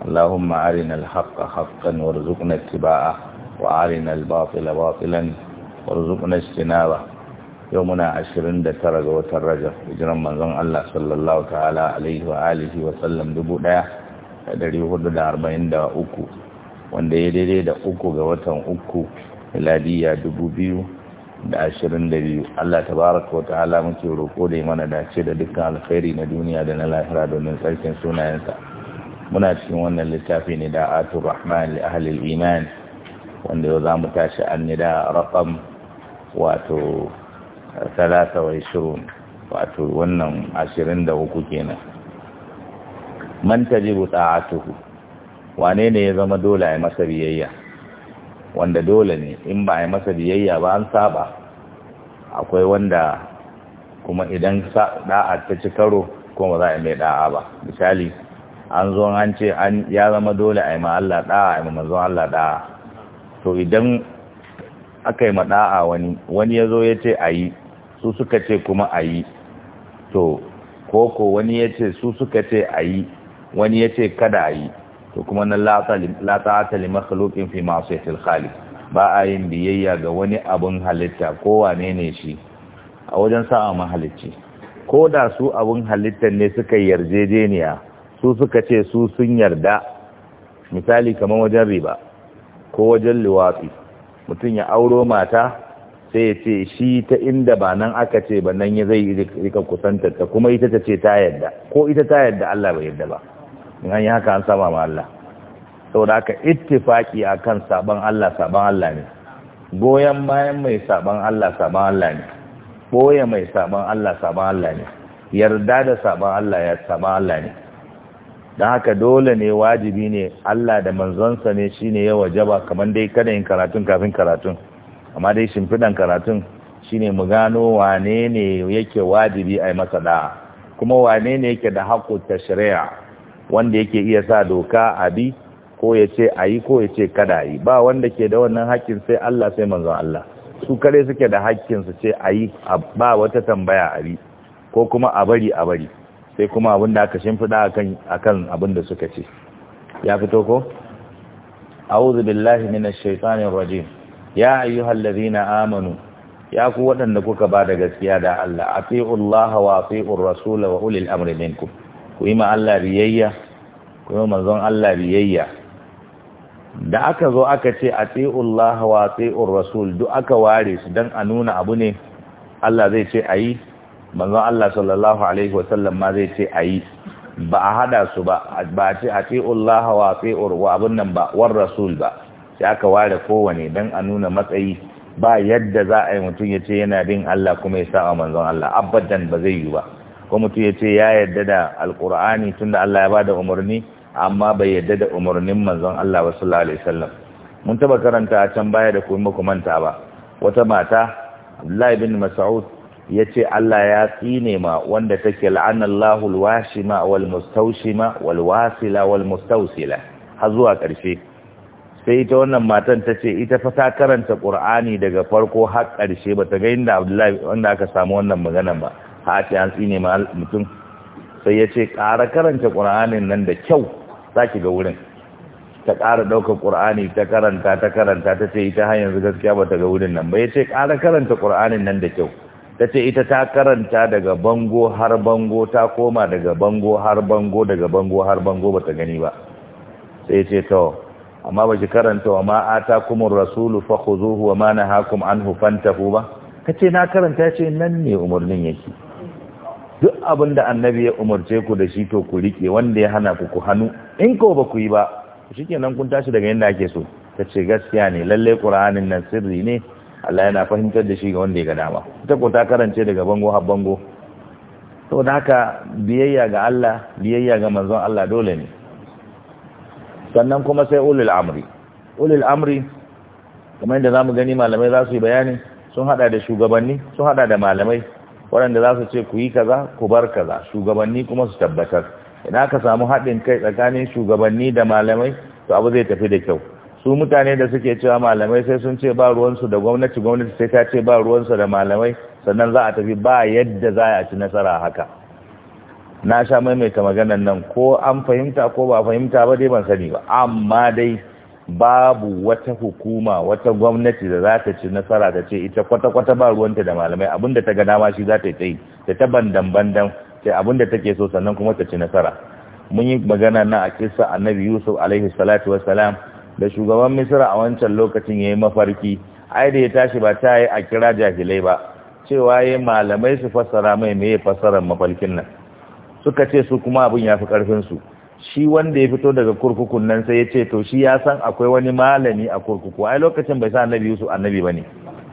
اللهم أرنا الحق حقا وارزقنا اتباعه وأرنا الباطل باطلا وارزقنا اجتنابه يومنا عشرين دترج وترجع إجرام منظم الله صلى الله تعالى عليه وآله وسلم دبودا dari hudu da arba'in da uku wanda ya daidai da uku ga watan uku miladiya dubu biyu da ashirin da biyu Allah tabaraka wa ta'ala muke roƙo da mana dace da dukkan alkhairi na duniya da na lahira domin tsarkin sunayensa muna cikin wannan littafi ne da atur rahman li ahlil iman wanda yau za mu tashi an nida raqam wato 23 wato wannan ashirin da uku kenan man tajibu ta'atuhu wane ne ya zama dole a masa biyayya wanda dole ne in ba a masa biyayya ba an saba akwai wanda kuma idan da'a ta ci karo kuma za a mai da'a ba misali an zo an ce an ya zama dole a yi ma Allah da'a a yi ma Allah da'a to idan aka yi ma wani wani ya zo ya ce a yi su suka ce kuma a yi to koko wani ya ce su suka ce a yi wani ya ce kada a yi to kuma na lata'ata li makhluqin fi yatil khali ba a yin biyayya ga wani abun halitta ko wane ne shi a wajen sa'a mahalicci ko da su abun halittar ne suka yarjejeniya su suka ce su sun yarda misali kamar wajen riba ko wajen liwafi mutum ya auro mata sai ya ce shi ta inda ba nan aka ce ba nan ya zai rika kusantar ta kuma ita ta ce ta yarda ko ita ta yarda Allah bai yarda ba in an yi haka an sama ma Allah saboda haka ittifaki akan saban Allah saban Allah ne goyen bayan mai saban Allah saban Allah ne boye mai saban Allah saban Allah ne yarda da saban Allah ya saban Allah ne dan haka dole ne wajibi ne Allah da manzonsa ne shine ya wajaba kamar dai kada yin karatun kafin karatun amma dai shimfidan karatun shine mu gano wane ne yake wajibi a masa da kuma wane ne yake da ta shari'a wanda yake iya sa doka abi ko ya ce a yi ko ya ce kada yi ba wanda ke da wannan haƙƙin sai Allah sai manzon Allah su kare suke da haƙƙin su ce a yi ba wata tambaya a bi ko kuma a bari a bari sai kuma abin da aka shimfiɗa a kan abin da suka ce ya fito ko a'udhu billahi minash shaitanir rajim ya ayyuhallazina amanu ya ku waɗanda kuka ba da gaskiya da Allah atiullaha wa atiur rasula wa ulil amri minkum ku yi ma Allah biyayya ku yi manzon Allah biyayya da aka zo aka ce a tsi'ullah wa tsi'ur rasul duk aka ware su don a nuna abu ne Allah zai ce a yi manzon Allah sallallahu alaihi sallam ma zai ce ayi ba a hada su ba ba ce a ce Allah wa fi'ur wa abun nan ba war rasul ba sai aka ware kowane dan a nuna matsayi ba yadda za a yi mutum ya ce yana bin Allah kuma ya sa manzon Allah abadan ba zai yi ba ko mutum ya ce ya yadda da alqur'ani tunda Allah ya ba da umarni amma bai yadda da umarnin manzon Allah wa sallallahu alaihi wasallam mun taba karanta a can baya da kuma manta ba wata mata Abdullahi bin Mas'ud ya ce Allah ya tsine ma wanda take la'anallahu washima wal mustaushima wal wasila wal mustausila har zuwa ƙarshe sai ita wannan matan ta ce ita fa ta karanta Qur'ani daga farko har ƙarshe ba ta ga inda Abdullahi wanda aka samu wannan maganan ba ha ce an tsine ma mutum sai ya ce ƙara karanta Qur'anin nan da kyau saki ga wurin ta ƙara ɗaukar ƙur'ani ta karanta ta karanta ta ce ita har yanzu gaskiya ba ta ga wurin nan ba ya ce ƙara karanta ƙur'anin nan da kyau ta ce ita ta karanta daga bango har bango ta koma daga bango har bango daga bango har bango ba ta gani ba sai ce to amma ba ki karanta wa ma'ata kuma rasulu fa khuzuhu wa ma nahakum anhu fantahu ba kace na karanta ce nan ne umarnin yake duk abin da annabi ya umarce ku da shi to ku rike wanda ya hana ku ku hannu in ko ba ku yi ba shikenan kun tashi daga yanda ake so tace gaskiya ne lallai qur'anin nan sirri ne Allah yana fahimtar da shi ga wanda ya ga dama ita ko ta karance daga bango har bango saboda haka biyayya ga Allah biyayya ga manzon Allah dole ne sannan kuma sai ulul amri ulul amri kamar yadda zamu gani malamai za su yi bayani sun hada da shugabanni sun hada da malamai waɗanda za su ce ku yi kaza ku bar kaza shugabanni kuma su tabbatar idan aka samu haɗin kai tsakanin shugabanni da malamai to abu zai tafi da kyau su mutane da suke cewa malamai sai sun ce ba ruwansu da gwamnati gwamnati sai ta ce ba ruwansu da malamai sannan za a tafi ba yadda za a ci nasara haka na sha maimaita maganan nan ko an fahimta ko ba fahimta ba dai ban sani ba amma dai babu wata hukuma wata gwamnati da za ta ci nasara ta ce ita kwata-kwata ba ruwanta da malamai da ta ga dama shi za ta yi tsayi ta ta bandan-bandan sai abinda take so sannan kuma ta ci nasara mun yi magana na a kisa annabi yusuf alaihi salatu wassalam da shugaban misira a wancan lokacin ya yi mafarki ai da ya tashi ba ta yi a kira jahilai ba cewa ya malamai su fassara mai mai fassarar mafarkin nan suka ce su kuma abin ya fi ƙarfinsu shi wanda ya fito daga kurkukun nan sai ya ce to shi ya san akwai wani malami a kurkuku ai lokacin bai sa annabi yusuf annabi ba ne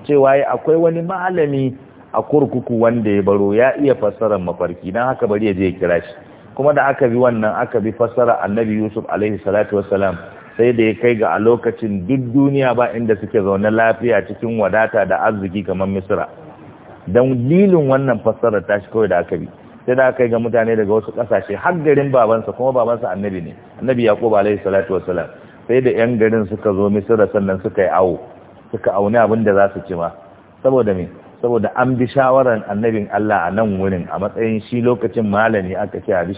cewa ya akwai wani malami a kurkuku wanda ya baro ya iya fassarar mafarki dan haka bari ya je ya kira shi kuma da aka bi wannan aka bi fassara annabi yusuf alaihi salatu wassalam sai da ya kai ga a lokacin duk duniya ba inda suke zaune lafiya cikin wadata da arziki kamar misira don lilin wannan fassarar shi kawai da aka bi sai da aka yi ga mutane daga wasu kasashe har garin babansa kuma babansa annabi ne annabi yaqub alaihi salatu salam, sai da yan garin suka zo misira sannan suka yi awo suka auni abin da za su ci ma saboda me saboda an bi shawarar annabin Allah a nan wurin a matsayin shi lokacin malami aka ce a bi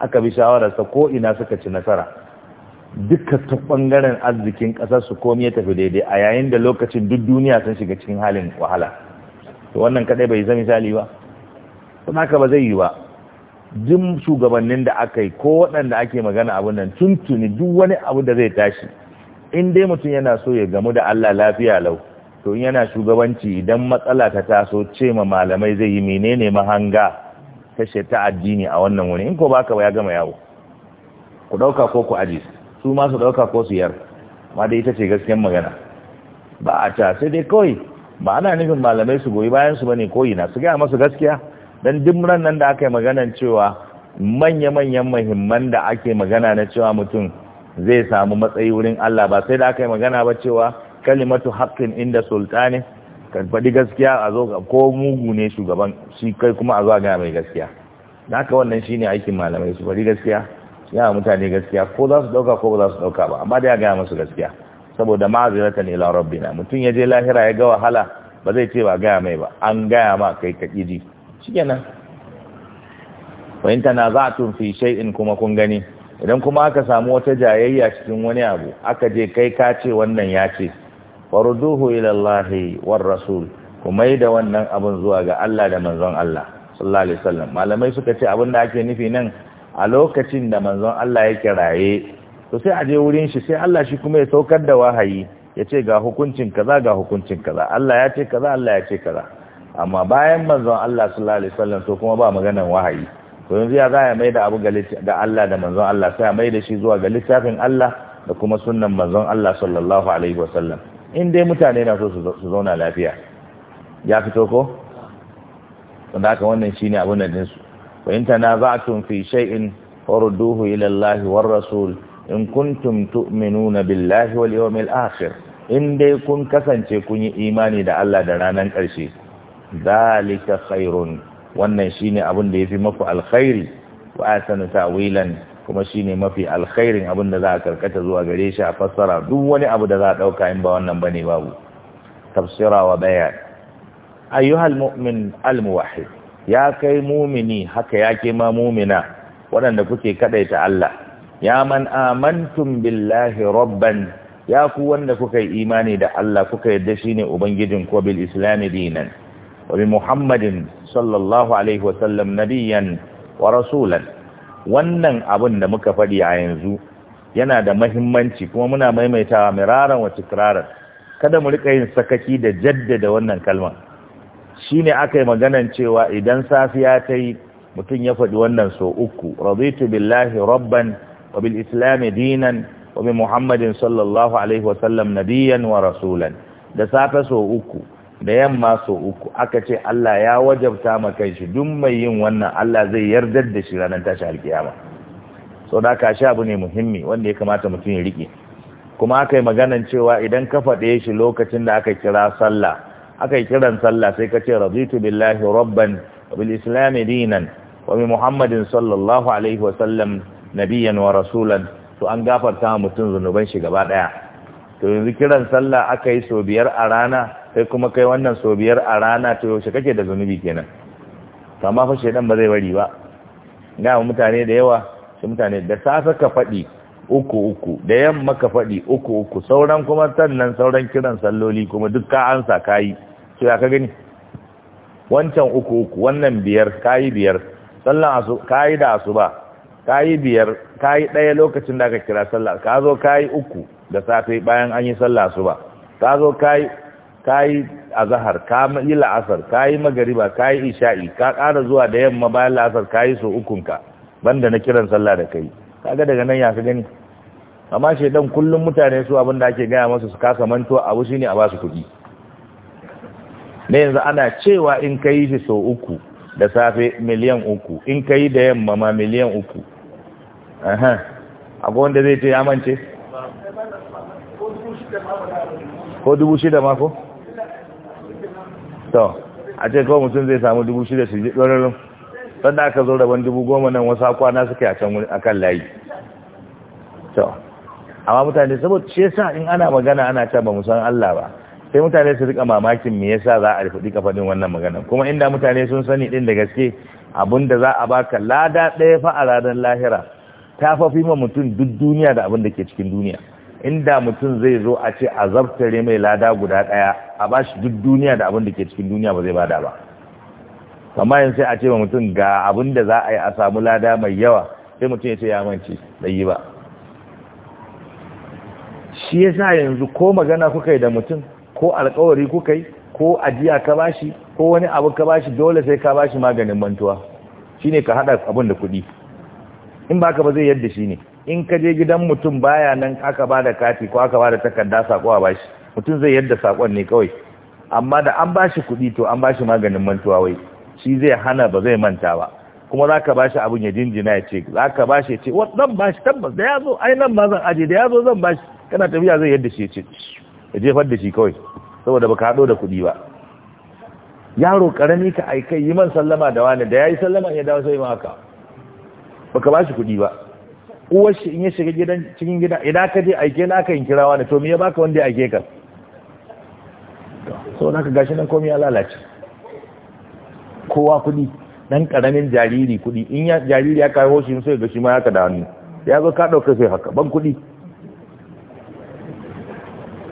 aka bi shawararsa ko ina suka ci nasara duka ta ɓangaren arzikin ƙasar su komi ya tafi daidai a yayin da lokacin duk duniya sun shiga cikin halin wahala to wannan kadai bai zama misali ba don haka ba zai yi ba jin shugabannin da aka yi ko waɗanda ake magana abin nan tuntuni duk wani abu da zai tashi in dai mutum yana so ya gamu da Allah lafiya lau to in yana shugabanci idan matsala ta taso ce ma malamai zai yi menene mahanga kashe ta addini a wannan wani, in ko baka ba ya gama yawo ku ɗauka ko ku aji su masu su ɗauka ko su yar ma dai ita ce gaskiyar magana ba a ta sai dai kawai ba ana nufin malamai su goyi bayan su bane koyi na su gaya masu gaskiya dan dimran nan da aka yi maganan cewa manya-manyan mahimman da ake magana na cewa mutum zai samu matsayi wurin Allah ba sai da aka yi magana ba cewa kalimatu haqqin inda sultani kan faɗi gaskiya a zo ko mugu ne shugaban shi kai kuma a zo ga mai gaskiya da haka wannan shine aikin malamai su faɗi gaskiya ya mutane gaskiya ko za su dauka ko ba za su dauka ba amma da ya gaya musu gaskiya saboda ma'azirata ne ila mutum ya je lahira ya ga wahala ba zai ce ba gaya mai ba an gaya ma kai ka ji Fahimta na za a fi in kuma kun gani idan kuma aka samu wata jayayya cikin wani abu aka je kai ka ce wannan ya ce farduhu ilallahi war rasul ku mai da wannan abun zuwa ga Allah da manzon Allah sallallahu alaihi wasallam malamai suka ce abin da ake nufi nan a lokacin da manzon Allah yake raye to sai a je wurin shi sai Allah shi kuma ya saukar da wahayi ya ce ga hukuncin kaza ga hukuncin kaza Allah ya ce kaza Allah ya ce kaza amma bayan manzon Allah sallallahu alaihi wasallam to kuma ba maganan wahayi to yanzu ya za ya mai da abu ga Allah da manzon Allah sai ya mai da shi zuwa ga littafin Allah da kuma sunnan manzon Allah sallallahu alaihi wasallam in dai mutane na so su zauna lafiya ya fito ko? Wanda haka wannan shine abin da dinsu wa in tanaza'tum fi shay'in farudduhu ila Allah war rasul in kuntum tu'minuna billahi wal yawmil akhir in dai kun kasance kun yi imani da Allah da ranar ƙarshe zalika khairun wannan shine abin da yafi maku alkhairi wa asanu ta'wilan kuma shine mafi alkhairin abin da za a karkata zuwa gare shi a fassara duk wani abu da za a dauka in ba wannan bane babu tafsira wa ayyuhal mu'min al ya kai mumini haka ya ke ma mumina waɗanda kuke kaɗaita Allah ya man amantum billahi rabban ya ku wanda kuka yi imani da Allah kuka shi shine ubangijin ko bil islami dinan wa muhammadin sallallahu alaihi wa sallam nabiyan wa rasulan wannan abin da muka faɗi a yanzu yana da mahimmanci kuma muna maimaitawa miraran wa tikraran kada mu rika yin sakaki da jaddada wannan kalmar shine aka yi maganan cewa idan safiya ta yi mutum ya faɗi wannan so uku raditu billahi rabban wa bil islam dinan wa bi muhammadin sallallahu alaihi wa sallam nabiyyan wa rasulan da safe so uku da yamma so uku aka ce Allah ya wajabta ma shi duk mai yin wannan Allah zai yarda da shi ranar tashi alkiyama sau da ka abu ne muhimmi wanda ya kamata mutum ya rike kuma aka yi maganan cewa idan ka faɗe shi lokacin da aka kira sallah aka yi kiran sallah sai ka ce raditu billahi rabban wa bil islam dinan wa bi muhammadin sallallahu alaihi wa sallam nabiyan wa rasulan to an gafarta mutum zunuban shi gaba daya to yanzu kiran sallah aka yi sau biyar a rana sai kuma kai wannan sau biyar a rana to yaushe kake da zunubi kenan kama fa shedan ba zai bari ba ga mutane da yawa shi mutane da safe ka faɗi uku uku da yamma ka faɗi uku uku sauran kuma sannan sauran kiran salloli kuma duk ka ansa kayi to ka gani wancan uku uku wannan biyar kayi biyar sallan asu kayi da asuba kayi biyar kayi ɗaya lokacin da aka kira sallah ka zo kayi uku da safe bayan an yi sallah su ba. ka zo kayi kayi azhar ka yi la'asar kayi magariba kayi isha'i ka ƙara zuwa da yamma bayan la'asar kayi su ukun ka banda na kiran sallah da kai kaga daga nan ya ka gani amma shedan kullum mutane su abin da ake gaya masu su kasa mantuwa abu shine a basu kuɗi da yanzu ana cewa in ka yi shi sau uku da safe miliyan uku in ka yi da yamma ma miliyan uku akwai wanda zai ce ya mance? ko dubu shida mako? to a ce kawai mutum zai samu dubu shida su ji ɗorarin sanda aka zo rabon dubu goma nan wasu akwana suke a can a kan layi to amma mutane saboda shi yasa in ana magana ana can ba musan Allah ba sai mutane su rika mamakin me yasa za a rufe faɗin wannan magana kuma inda mutane sun sani din da gaske abun da za a baka lada ɗaya fa a ranar lahira ta fafi ma mutum duk duniya da abin da ke cikin duniya inda mutum zai zo a ce a zabtare mai lada guda ɗaya a ba shi duk duniya da abin da ke cikin duniya ba zai bada ba amma yin sai a ce ma mutum ga abin da za a yi a samu lada mai yawa sai mutum ya ce ya mance da yi ba shi yasa yanzu ko magana kuka yi da mutum ko alkawari kuka yi ko ajiya ka bashi ko wani abu ka bashi dole sai ka bashi maganin mantuwa shine ka hada abun da kuɗi in baka ba zai yadda shine in ka je gidan mutum baya nan aka bada kati ko aka bada takarda sako a bashi mutum zai yadda sakon ne kawai amma da an bashi kuɗi to an bashi maganin mantuwa wai shi zai hana ba zai manta ba kuma za ka bashi abun ya jinjina ya ce za ka bashi ya ce wa zan bashi tabbas da ya zo ai nan ma zan aje da ya zo zan bashi kana tafiya zai yadda shi ya ce ya jefar da shi kawai saboda baka haɗo da kuɗi ba yaro karami ka aikai yi man sallama da wani da ya yi sallama ya dawo sai ma haka ba bashi kuɗi ba uwar shi in ya shiga gidan cikin gida idan ka je aike na ka yin kira wani to me ya baka wanda ya aike ka sau na ka gashi nan komai ya lalace kowa kuɗi dan karamin jariri kuɗi in ya jariri ya kawo shi sai ga shi ma ya ka da hannu ya zo ka ɗauka sai haka ban kuɗi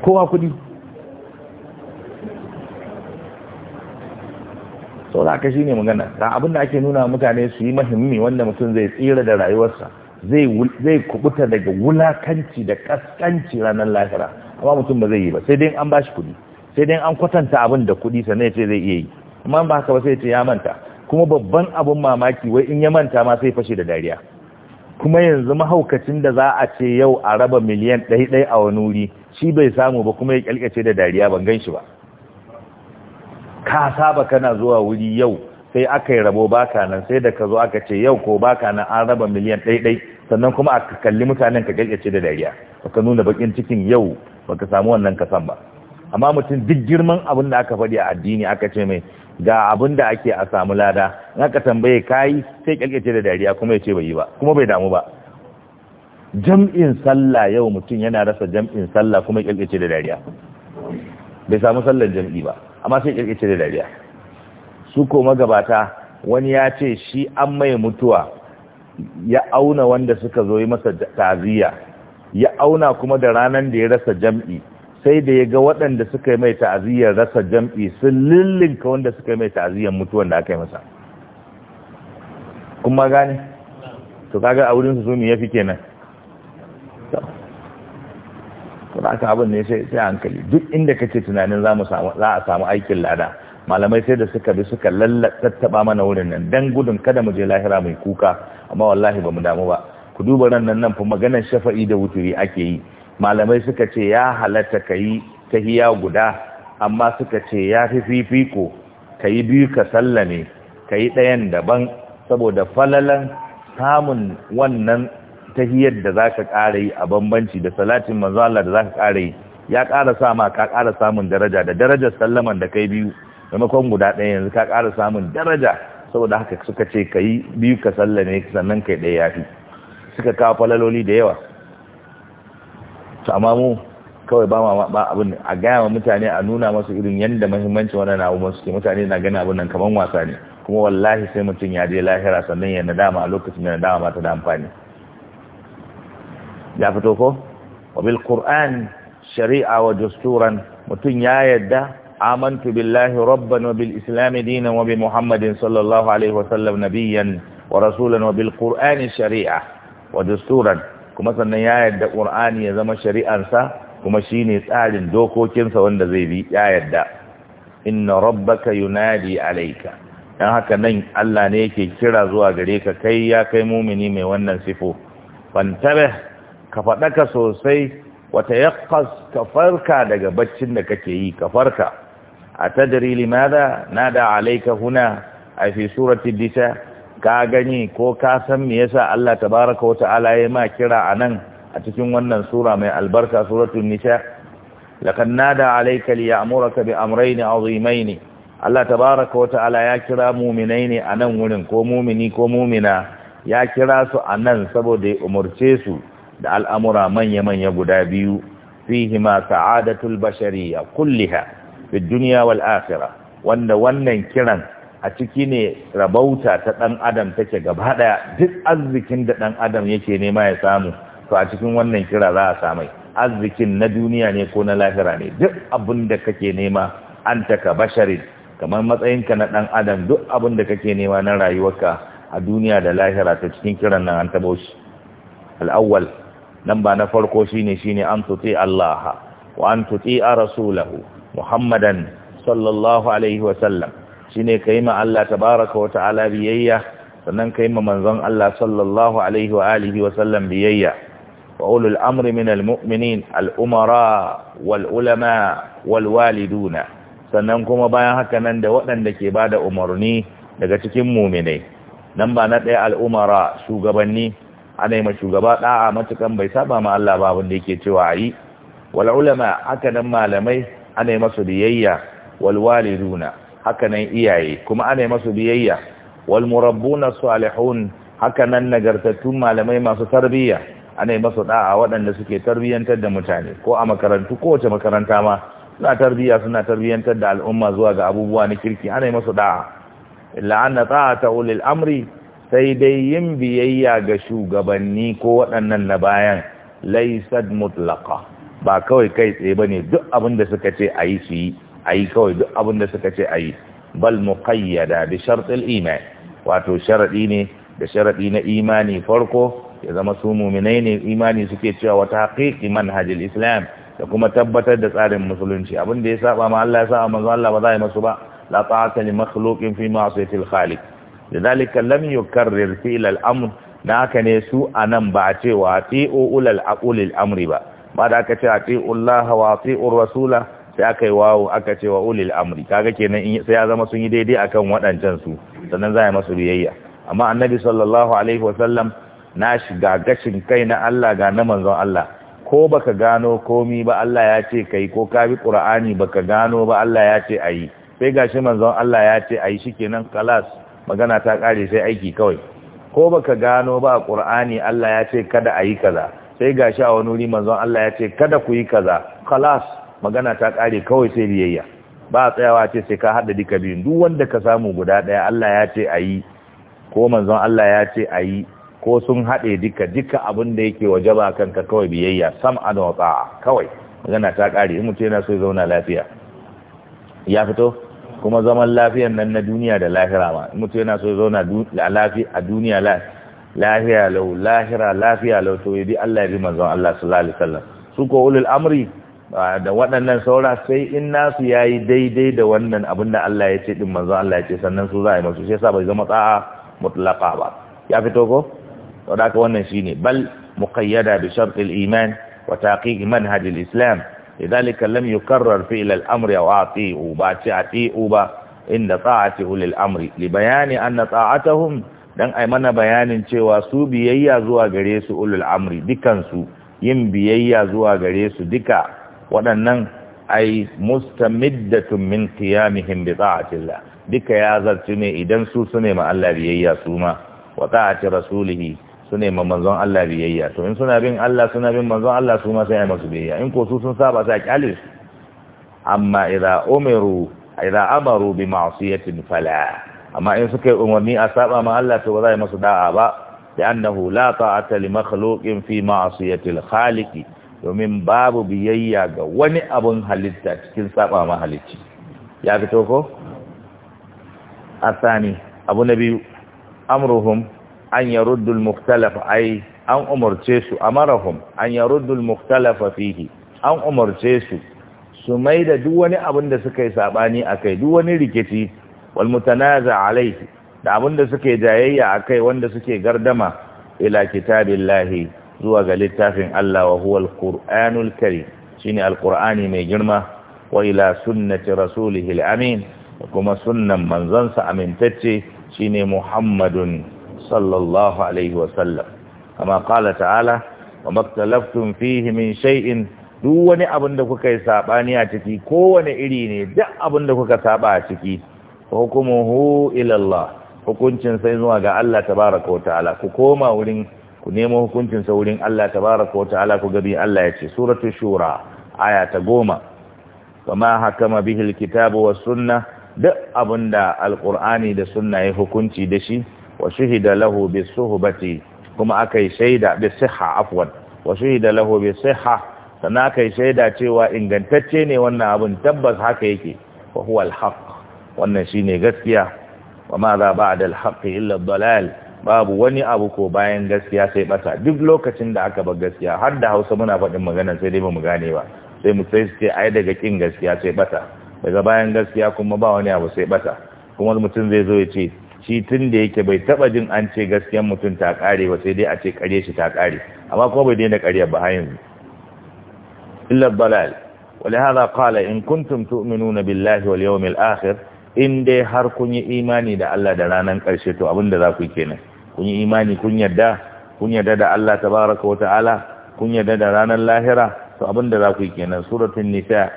kowa kuɗi ka shi shine magana da abin da ake nuna mutane su yi mahimmi wanda mutum zai tsira da rayuwarsa zai kubuta daga wulakanci da kaskanci ranar lahira amma mutum ba zai yi ba sai dai an bashi kuɗi sai dai an kwatanta abin da kuɗi sannan ya ce zai iya yi amma ba haka ba sai ce ya manta kuma babban abin mamaki wai in ya manta ma sai fashe da dariya kuma yanzu mahaukacin da za a ce yau a raba miliyan ɗai ɗaya a wani wuri shi bai samu ba kuma ya kyalkace da dariya ban gan shi ba ka saba kana zuwa wuri yau sai aka yi rabo baka nan sai da ka zo aka ce yau ko baka nan an raba miliyan ɗaiɗai sannan kuma aka kalli mutanen ka gaggace da dariya baka nuna bakin cikin yau baka samu wannan kasan ba amma mutum duk girman abin da aka faɗi a addini aka ce mai ga abin da ake a samu lada in aka tambaye kayi sai kyalkace da dariya kuma ya ce bai yi ba kuma bai damu ba jam'in sallah yau mutum yana rasa jam'in sallah kuma ya kyalkace da dariya bai samu sallar jam'i ba amma sai kirkice da dariya su ko magabata wani ya ce shi an mai mutuwa ya auna wanda suka zo yi masa taziya ya auna kuma da ranar da ya rasa jam'i sai da ya ga waɗanda suka yi mai ta'aziyar rasa jam'i sun lullinka wanda suka yi mai ta'aziyar mutuwan da aka yi masa kuma gane to kaga a wurin su su ya fi kenan to da aka abin ne sai sai hankali duk inda kace tunanin za mu samu za a samu aikin lada malamai sai da suka bi suka tattaba mana wurin nan dan gudun kada mu je lahira mai kuka amma wallahi ba mu damu ba ku duba ran nan fa maganar shafa'i da wuturi ake yi malamai suka ce ya halatta kai tahiya guda amma suka ce ya fi fifiko kai biyu ka sallame kai ɗayan daban saboda falalan samun wannan tahiyar da zaka ƙara yi a bambanci da salatin mazala da da zaka ƙara yi ya ƙara sa ka ƙara samun daraja da darajar sallaman da kai biyu maimakon guda ɗaya yanzu ka ƙara samun daraja saboda haka suka ce ka yi biyu ka sallame sannan kai ɗaya yafi suka kawo falaloli da yawa to amma mu kawai ba ma ba abin a gaya wa mutane a nuna masu irin yadda mahimmancin wannan abu masu ke mutane na gani abin nan kamar wasa ne kuma wallahi sai mutum ya je lahira sannan ya nadama a lokacin da nadama ba ta da amfani ya fito ko wabil qur'an shari'a wa dusturan mutun ya yadda amantu billahi rabban wa bil islam dinan wa bi muhammadin sallallahu alaihi wa sallam nabiyyan wa rasulan wa bil qur'an shari'a wa dusturan kuma sannan ya yadda qur'ani ya zama shari'arsa kuma shine tsarin dokokinsa wanda zai bi ya yadda inna rabbaka yunadi alayka dan haka nan Allah ne yake kira zuwa gare ka kai ya kai mumini mai wannan sifo fantabih ka faɗaka sosai wata yakas ka farka daga baccin da kake yi ka farka a tadiri limada na da alaika huna a fi surati disa ka gani ko ka san me yasa Allah tabaraka wata'ala ya ma kira anan a cikin wannan sura mai albarka suratu nisa laqad nada alayka liya'muraka bi amrayn azimayn Allah tabaraka wata'ala ya kira mu'minaini anan wurin ko mu'mini ko mu'mina ya kira su nan saboda ya umurce su da al'amura manya-manya guda biyu fihi ma sa'adatul bashariya kulliha fi duniya wal akhira wanda wannan kiran a ciki ne rabauta ta ɗan adam take gaba ɗaya, duk arzikin da ɗan adam yake nema ya samu to a cikin wannan kira za a samai arzikin na duniya ne ko na lahira ne duk abin da kake nema an taka basharin kamar matsayinka na ɗan adam duk abin da kake nema na rayuwarka a duniya da lahira ta cikin kiran nan an taɓa shi Al'awwal. lamba na farko shine shine an tuti Allah wa an tuti rasulahu Muhammadan sallallahu alaihi wa sallam shine kai ma Allah tabaraka wa ta'ala biyayya sannan kai ma manzon Allah sallallahu alaihi wa alihi wa sallam biyayya wa ulul amri min muminin al-umara wal ulama wal waliduna sannan kuma bayan haka nan da waɗanda ke bada umarni daga cikin muminai nan ba na ɗaya al'umara shugabanni ana yi ma shugaba da'a matukan bai saba ma Allah ba abin da yake cewa ayi wal ulama haka nan malamai ana yi masu biyayya wal waliduna haka nan iyaye kuma ana yi masu biyayya wal murabbuna salihun haka nan nagartattun malamai masu tarbiyya ana yi masu da'a waɗanda suke tarbiyyantar da mutane ko a makarantu kowace makaranta ma suna tarbiyya suna tarbiyyantar da al'umma zuwa ga abubuwa na kirki ana yi masu da'a illa anna ta'ata ulil amri sai dai yin biyayya ga shugabanni ko waɗannan na bayan laisad mutlaka ba kawai kai tsaye ba ne duk abinda suka ce a yi su yi a yi kawai duk abinda da suka ce a yi bal muqayyada da sharɗin iman wato sharaɗi ne da sharaɗi na imani farko ya zama su mu'minai ne imani suke cewa wata haƙiƙi manhajil islam da kuma tabbatar da tsarin musulunci abin da ya saba ma Allah ya saba manzo Allah ba za yi masu ba la ta'ata li makhluqin fi ma'siyatil khaliq Da lam yukarrir fi'l al-amr dan haka ne su anan ba a ce wa ti'u ulal al amri ba ba da aka ce ti'u Allah wa ti'u rasula sai aka yi wawo aka ce wa ulil amri kaga kenan sai ya zama sun yi daidai akan waɗancan su sannan za a yi masu biyayya amma annabi sallallahu alaihi wa sallam na shiga gashin kai na Allah ga na manzon Allah ko baka gano komi ba Allah ya ce kai ko ka bi Qur'ani baka gano ba Allah ya ce ayi sai gashi manzon Allah ya ce ayi shikenan kalas magana ta kare sai aiki kawai ko baka gano ba a qur'ani Allah ya ce kada ayi kaza sai gashi a wani wuri manzon Allah ya ce kada ku yi kaza khalas magana ta kare kawai sai biyayya ba tsayawa ce sai ka hada duka biyun duk wanda ka samu guda daya Allah ya ce a ko manzon Allah ya ce a ko sun haɗe duka duka abin da yake waje ba kanka kawai biyayya sam an kawai magana ta kare in mutum yana so ya zauna lafiya ya fito kuma zaman lafiyan nan na duniya da lahira ma mutum yana so ya zauna a duniya lahira lau lahira lafiya lau to yadda Allah ya bi manzon Allah sallallahu alaihi wasallam su ko ulul amri da waɗannan saura sai in nasu yayi daidai da wannan abin da Allah ya ce din manzon Allah ya ce sannan su za a yi masu shi yasa bai zama tsa'a mutlaqa ba ya fito ko to wannan shine bal muqayyada bi shart iman wa taqiq manhajil islam لذلك لم يكرر فعل الأمر وأطيعوا باتي أطيعوا با إن طاعته للأمر لبيان أن طاعتهم dan ai mana bayanin cewa su biyayya zuwa gare su ulul amri dukansu yin biyayya zuwa gare su duka waɗannan ai mustamiddatun min qiyamihim bi ta'atillah duka ya zarci ne idan su su ma Allah biyayya su ma wa ta'ati rasulihi su ne manzon Allah biyayya to in suna bin Allah suna bin manzon Allah su ma sai ai masu biyayya in ko su sun saba sai kyale su amma idza umiru idza amaru bi ma'siyatin fala amma in suka yi umarni a saba ma Allah to ba za a masu da'a ba لأنه لا طاعة fi في معصية الخالق domin babu biyayya ga wani abun halitta cikin saba ma halicci ya fito ko asani abu na biyu amruhum an yaruddu al-mukhtalafa ai an umarce su amarahum an yaruddu mukhtalafa fihi an umarce su su mai da duk wani abin da suka yi sabani akai duk wani rikici wal mutanaza alaihi da abin da suke jayayya akai wanda suke gardama ila kitabillahi zuwa ga littafin Allah wa huwa al karim shine al mai girma wa ila sunnati rasulihi al kuma sunnan manzonsa amintacce shine muhammadun صلى الله عليه وسلم كما قال تعالى وما اختلفتم فيه من شيء duk wani abin da kuka yi sabani a ciki kowane iri ne duk abin da kuka saba a ciki hukumuhu ilallah hukuncin sai zuwa ga Allah tabaraka wa ta'ala ku koma wurin ku nemo hukuncin sa wurin Allah tabaraka wa ta'ala ku gabi Allah ya ce suratul shura aya ta goma kama hakama bihi alkitabu was sunna, duk abin da alqur'ani da sunna ya hukunci da shi wa shahida lahu bi suhbati kuma akai shaida bi sihha afwan wa shahida lahu bi sihha sannan akai shaida cewa ingantacce ne wannan abin tabbas haka yake wa huwa alhaq haq wannan shine gaskiya wa ma za ba'da alhaq illa dalal babu wani abu ko bayan gaskiya sai bata duk lokacin da aka bar gaskiya har da Hausa muna faɗin magana sai dai mu gane ba sai mu sai ce ai daga kin gaskiya sai bata daga bayan gaskiya kuma ba wani abu sai bata kuma mutum zai zo ya ce shi tun da yake bai taba jin an ce gaskiyar mutum ta kare ba sai dai a ce kare shi ta kare amma kuma bai daina kare ba har yanzu illa balal qala in kuntum tu'minuna billahi wal yawmil akhir in dai har kun yi imani da Allah da ranar ƙarshe to abin da za ku yi kenan kun yi imani kun yadda kun yadda da Allah tabaraka wata'ala kun yadda da ranar lahira to abin da za ku yi kenan suratul nisa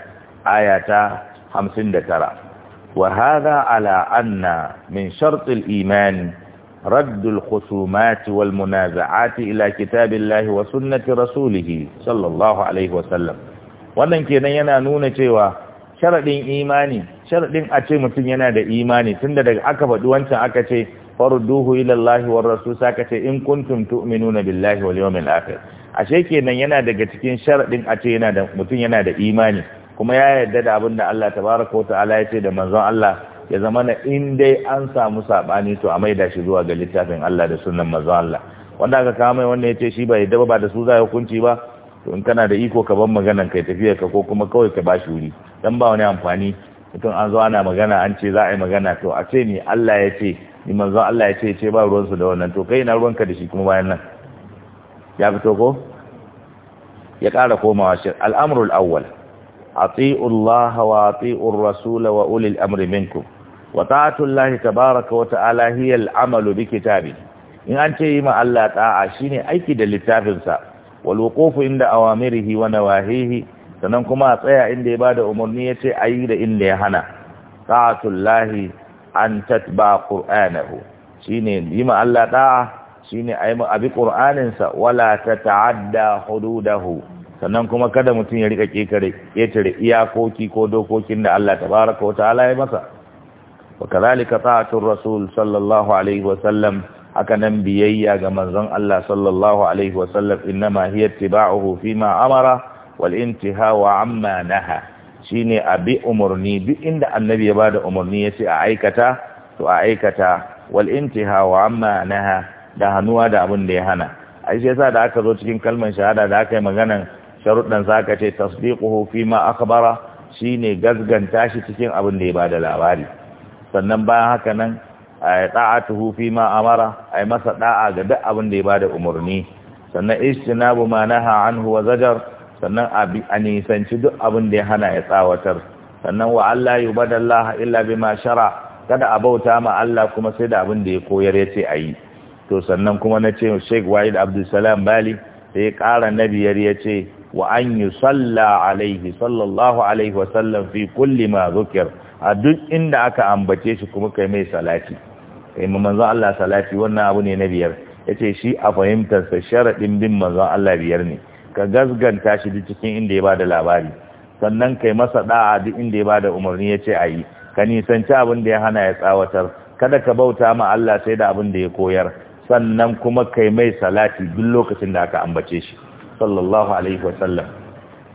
hamsin da 59 وهذا على أن من شرط الإيمان رد الخصومات والمنازعات إلى كتاب الله وسنة رسوله صلى الله عليه وسلم wannan kenan yana nuna cewa sharadin imani sharadin a ce mutum yana da imani tunda daga aka faɗi wancan aka ce farduhu ila Allah wa rasul saka ce in kuntum tu'minuna billahi wal yawmil akhir ashe kenan yana daga cikin sharadin a ce yana da mutum yana da imani kuma ya yarda da abin da Allah tabaraka wa ta'ala ya ce da manzon Allah ya zama na in dai an samu sabani to a maida shi zuwa ga littafin Allah da sunnan manzon Allah wanda aka kawo mai wannan ce shi bai daba ba da su za hukunci ba to in kana da iko ka bar maganan kai tafiyar ka ko kuma kawai ka bashi wuri dan ba wani amfani mutum an zo ana magana an ce za a yi magana to a ce ni Allah ya ce ni manzon Allah ya ce ce ba su da wannan to kai na ruwan ka da shi kuma bayan nan ya fito ko ya ƙara komawa shi al'amrul awwal أطيعوا الله وأطيعوا الرسول وأولي الأمر منكم وطاعة الله تبارك وتعالى هي العمل بكتابه إن أنت إما الله تعالى شيني أي كده للتافنسا والوقوف عند أوامره ونواهيه سننكما أطيع عند إبادة أمرنية أيد إن يهنا طاعة الله أن تتبع قرآنه شيني إما الله تعالى شيني أي أبي قرآنسا ولا تتعدى حدوده sannan kuma kada mutum ya rika ƙetare iyakoki ko dokokin da Allah tabaraka wa ta'ala ya masa wa kadhalika ta'atur rasul sallallahu alaihi wa sallam aka nan biyayya ga manzon Allah sallallahu alaihi wa sallam innama hiya ittiba'uhu fima amara wal intiha wa amma naha shine abi umurni duk inda annabi ya bada umurni yace a aikata to a aikata wal intiha wa amma naha da hanuwa da abin da ya hana ai sai yasa da aka zo cikin kalmar shahada da aka yi maganan sharuɗan za ka ce tasdiquhu fi ma akhbara shine gazganta shi cikin abin da ya bada labari sannan bayan haka nan ay da'atuhu fi ma amara ay masa da'a ga duk abin da ya bada umarni sannan ijtinabu ma naha anhu wa zajar sannan a nisanci duk abin da ya hana ya tsawatar sannan wa Allah yubadallaha illa bima shara' kada a bauta ma Allah kuma sai da abin da ya koyar ya ce a yi to sannan kuma na ce sheik wahid abdulsalam bali sai ya ƙara na biyar ya ce wa an salla alaihi sallallahu alaihi wa sallam fi kulli ma zukir a duk inda aka ambace shi kuma kai mai salati kai manzo Allah salati wannan abu ne na biyar yace shi a fahimtar sa sharadin bin manzo Allah biyar ne ka gasganta shi duk cikin inda ya bada labari sannan kai masa da'a duk inda ya bada umarni yace ayi ka nisanci abin da ya hana ya tsawatar kada ka bauta ma Allah sai da abin da ya koyar sannan kuma kai mai salati duk lokacin da aka ambace shi sallallahu alaihi wasallam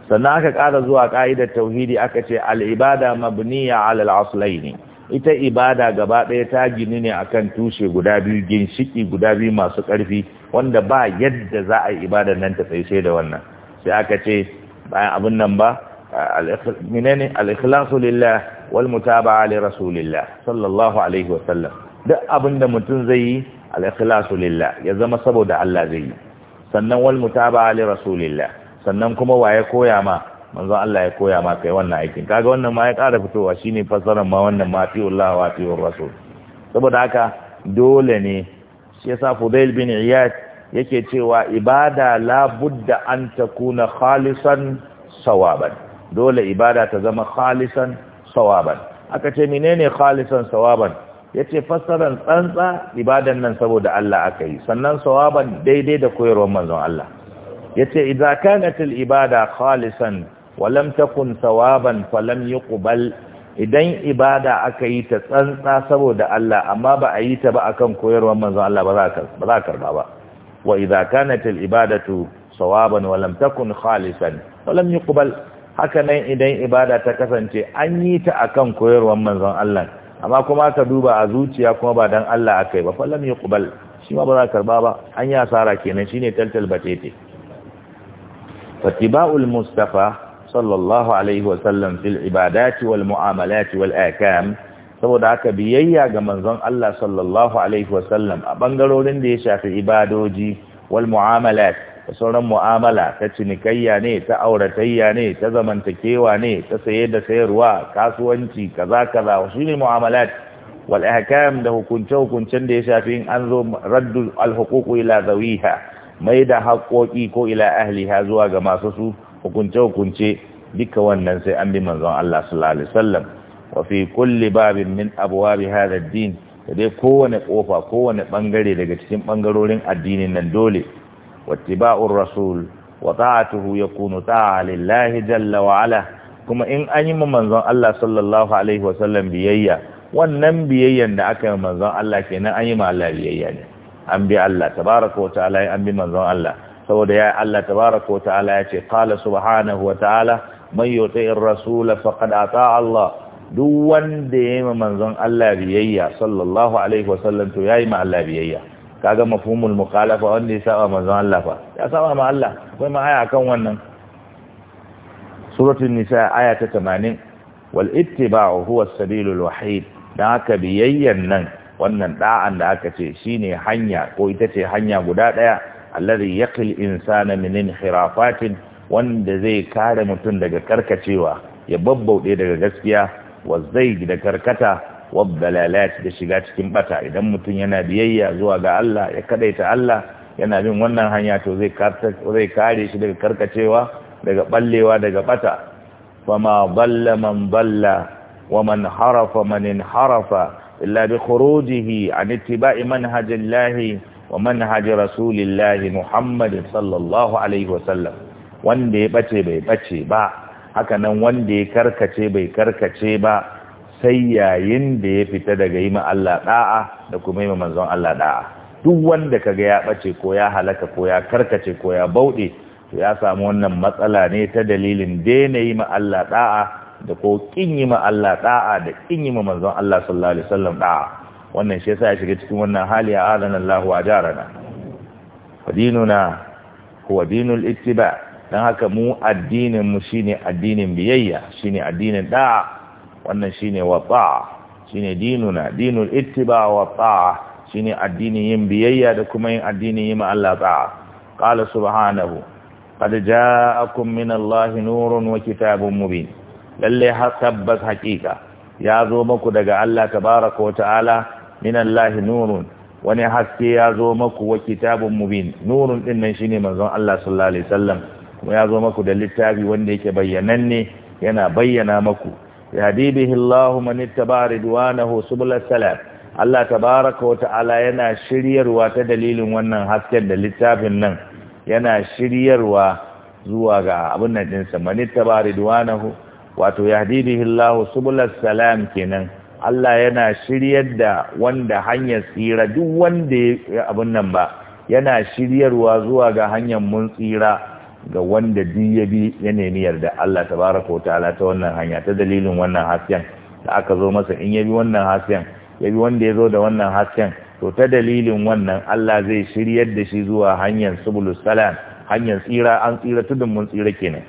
sannan aka ƙara zuwa ƙa'idar tauhidi aka ce al'ibada mabniya alal aslaini ita ibada gaba ɗaya ta gini ne akan tushe guda biyu ginshiki guda biyu masu ƙarfi wanda ba yadda za a yi ibadar nan ta tsaye da wannan sai aka ce bayan abin nan ba menene al-ikhlasu lillah wal mutaba'a li rasulillah sallallahu alaihi wa sallam duk abin da mutum zai yi al-ikhlasu lillah ya zama saboda Allah zai yi sannan wal mutaba Ali rasulillah sannan kuma waye koya ma manzo Allah ya koya ma kai wannan aikin kaga wannan ma ya ƙara fitowa shine fasaran ma wannan ma fi'ullah wa fi'ur rasul saboda haka dole ne shi yasa Fudail bin Iyad yake cewa ibada la budda an takuna khalisan sawaban dole ibada ta zama khalisan sawaban aka ce menene khalisan sawaban yace fassarar tsantsa ibadan nan saboda Allah aka yi sannan sawaban daidai da koyarwar manzon Allah yace idza kanat al ibada khalisan wa lam takun sawaban yuqbal idan ibada aka yi ta tsantsa saboda Allah amma ba a yi ta ba akan koyarwar manzon Allah ba za ka ba wa idza kanat al ibadatu sawaban wa lam takun khalisan falam yuqbal haka nan idan ibada ta kasance an yi ta akan koyarwar manzon Allah amma kuma aka duba a zuciya kuma ba dan Allah akai ba fallam yuqbal shi ma ba za karba ba an yi asara kenan shine taltal batete fattiba'ul mustafa sallallahu alaihi wa sallam fil ibadati wal mu'amalati wal akam saboda haka biyayya ga manzon Allah sallallahu alaihi wa sallam a bangarorin da ya shafi ibadoji wal mu'amalati da sauran mu'amala ta cinikayya ne ta auratayya ne ta zamantakewa ne ta saye da sayarwa kasuwanci kaza kaza su ne mu'amalat wal ahkam da hukunce hukuncen da ya shafi in an zo raddu al huquq ila zawiha mai da haƙoƙi ko ila ahliha zuwa ga masu su hukunce hukunce duka wannan sai an bi manzon Allah sallallahu alaihi wasallam wa fi kulli babin min abwab hadha ad-din da dai kowane kofa kowane bangare daga cikin bangarorin addinin nan dole wattiba'ur rasul wa ya yakunu ta. lillahi jalla wa kuma in anyi ma manzon Allah sallallahu alaihi biyayya wannan biyayyan da aka yi manzon Allah kenan an yi ma Allah biyayya ne an bi Allah tabaraka wa ta'ala an bi manzon Allah saboda ya Allah tabaraka wa ta'ala ya ce qala subhanahu wa ta'ala man in rasul faqad ata'a Allah duk wanda ya yi ma manzon Allah biyayya sallallahu alaihi wasallam to yayi ma Allah biyayya kaga mafhumul mukhalafa wanda ya saba manzon Allah fa ya saba ma Allah akwai ma aya akan wannan suratul nisa aya ta 80 wal ittiba'u huwa as-sabilul wahid dan haka biyayyan nan wannan da'an da aka ce shine hanya ko ita ce hanya guda daya alladhi yaqil insana min inhirafatin wanda zai kare mutum daga karkacewa ya babbaude daga gaskiya wa zai da karkata wabdalalat da shiga cikin bata idan mutum yana biyayya zuwa ga Allah ya kadaita Allah yana bin wannan hanya to zai kare shi daga karkacewa daga ballewa daga bata fama balla man balla wa man harafa man harafa illa bi khurujihi an ittiba'i manhajillahi wa manhaj rasulillahi muhammadin sallallahu alaihi wa sallam wanda ya bace bai bace ba haka nan wanda ya karkace bai karkace ba sai yayin da ya fita daga yi ma Allah da'a da kuma yi ma manzon Allah da'a duk wanda kaga ya bace ko ya halaka ko ya karkace ko ya bauɗe to ya samu wannan matsala ne ta dalilin daina yi ma Allah da'a da ko kin yi ma Allah da'a da kin yi ma manzon Allah sallallahu alaihi wasallam da'a wannan shi yasa ya shiga cikin wannan hali ya adana Allahu ajarana fadinuna huwa dinul ittiba dan haka mu addinin mu shine addinin biyayya shine addinin da'a wannan shine shi ne dinuna dinul ittiba wa ta'a shine addini yin biyayya da kuma yin addini yin ma Allah ta'a qala subhanahu qad ja'akum min Allahi nurun wa kitabun mubin lalle tabbas haƙiƙa ya zo maku daga Allah tabaaraka wa ta'ala min Allahi nurun wani haske ya zo maku wa kitabun mubin nurun ɗinnan nan shine manzon Allah sallallahu alaihi wasallam kuma ya zo maku da littafi wanda yake bayyananne yana bayyana maku yahdi bihi Allahu man ittaba ridwanahu subul salam Allah tabaraka wa ta'ala yana shiryarwa ta dalilin wannan hasken da littafin nan yana shiryarwa zuwa ga abin nan din sa man ittaba ridwanahu wato yahdi bihi Allahu subul salam kenan Allah yana shiryar da wanda hanyar tsira duk wanda abin nan ba yana shiryarwa zuwa ga hanyar mun tsira ga wanda duk ya bi ya nemi yarda Allah tabaraka wa ta'ala ta wannan hanya ta dalilin wannan hasken da aka zo masa in ya bi wannan hasken ya bi wanda ya zo da wannan hasken to ta dalilin wannan Allah zai shiryar da shi zuwa hanyar subulus salam hanyar tsira an tsira tudun mun tsira kenan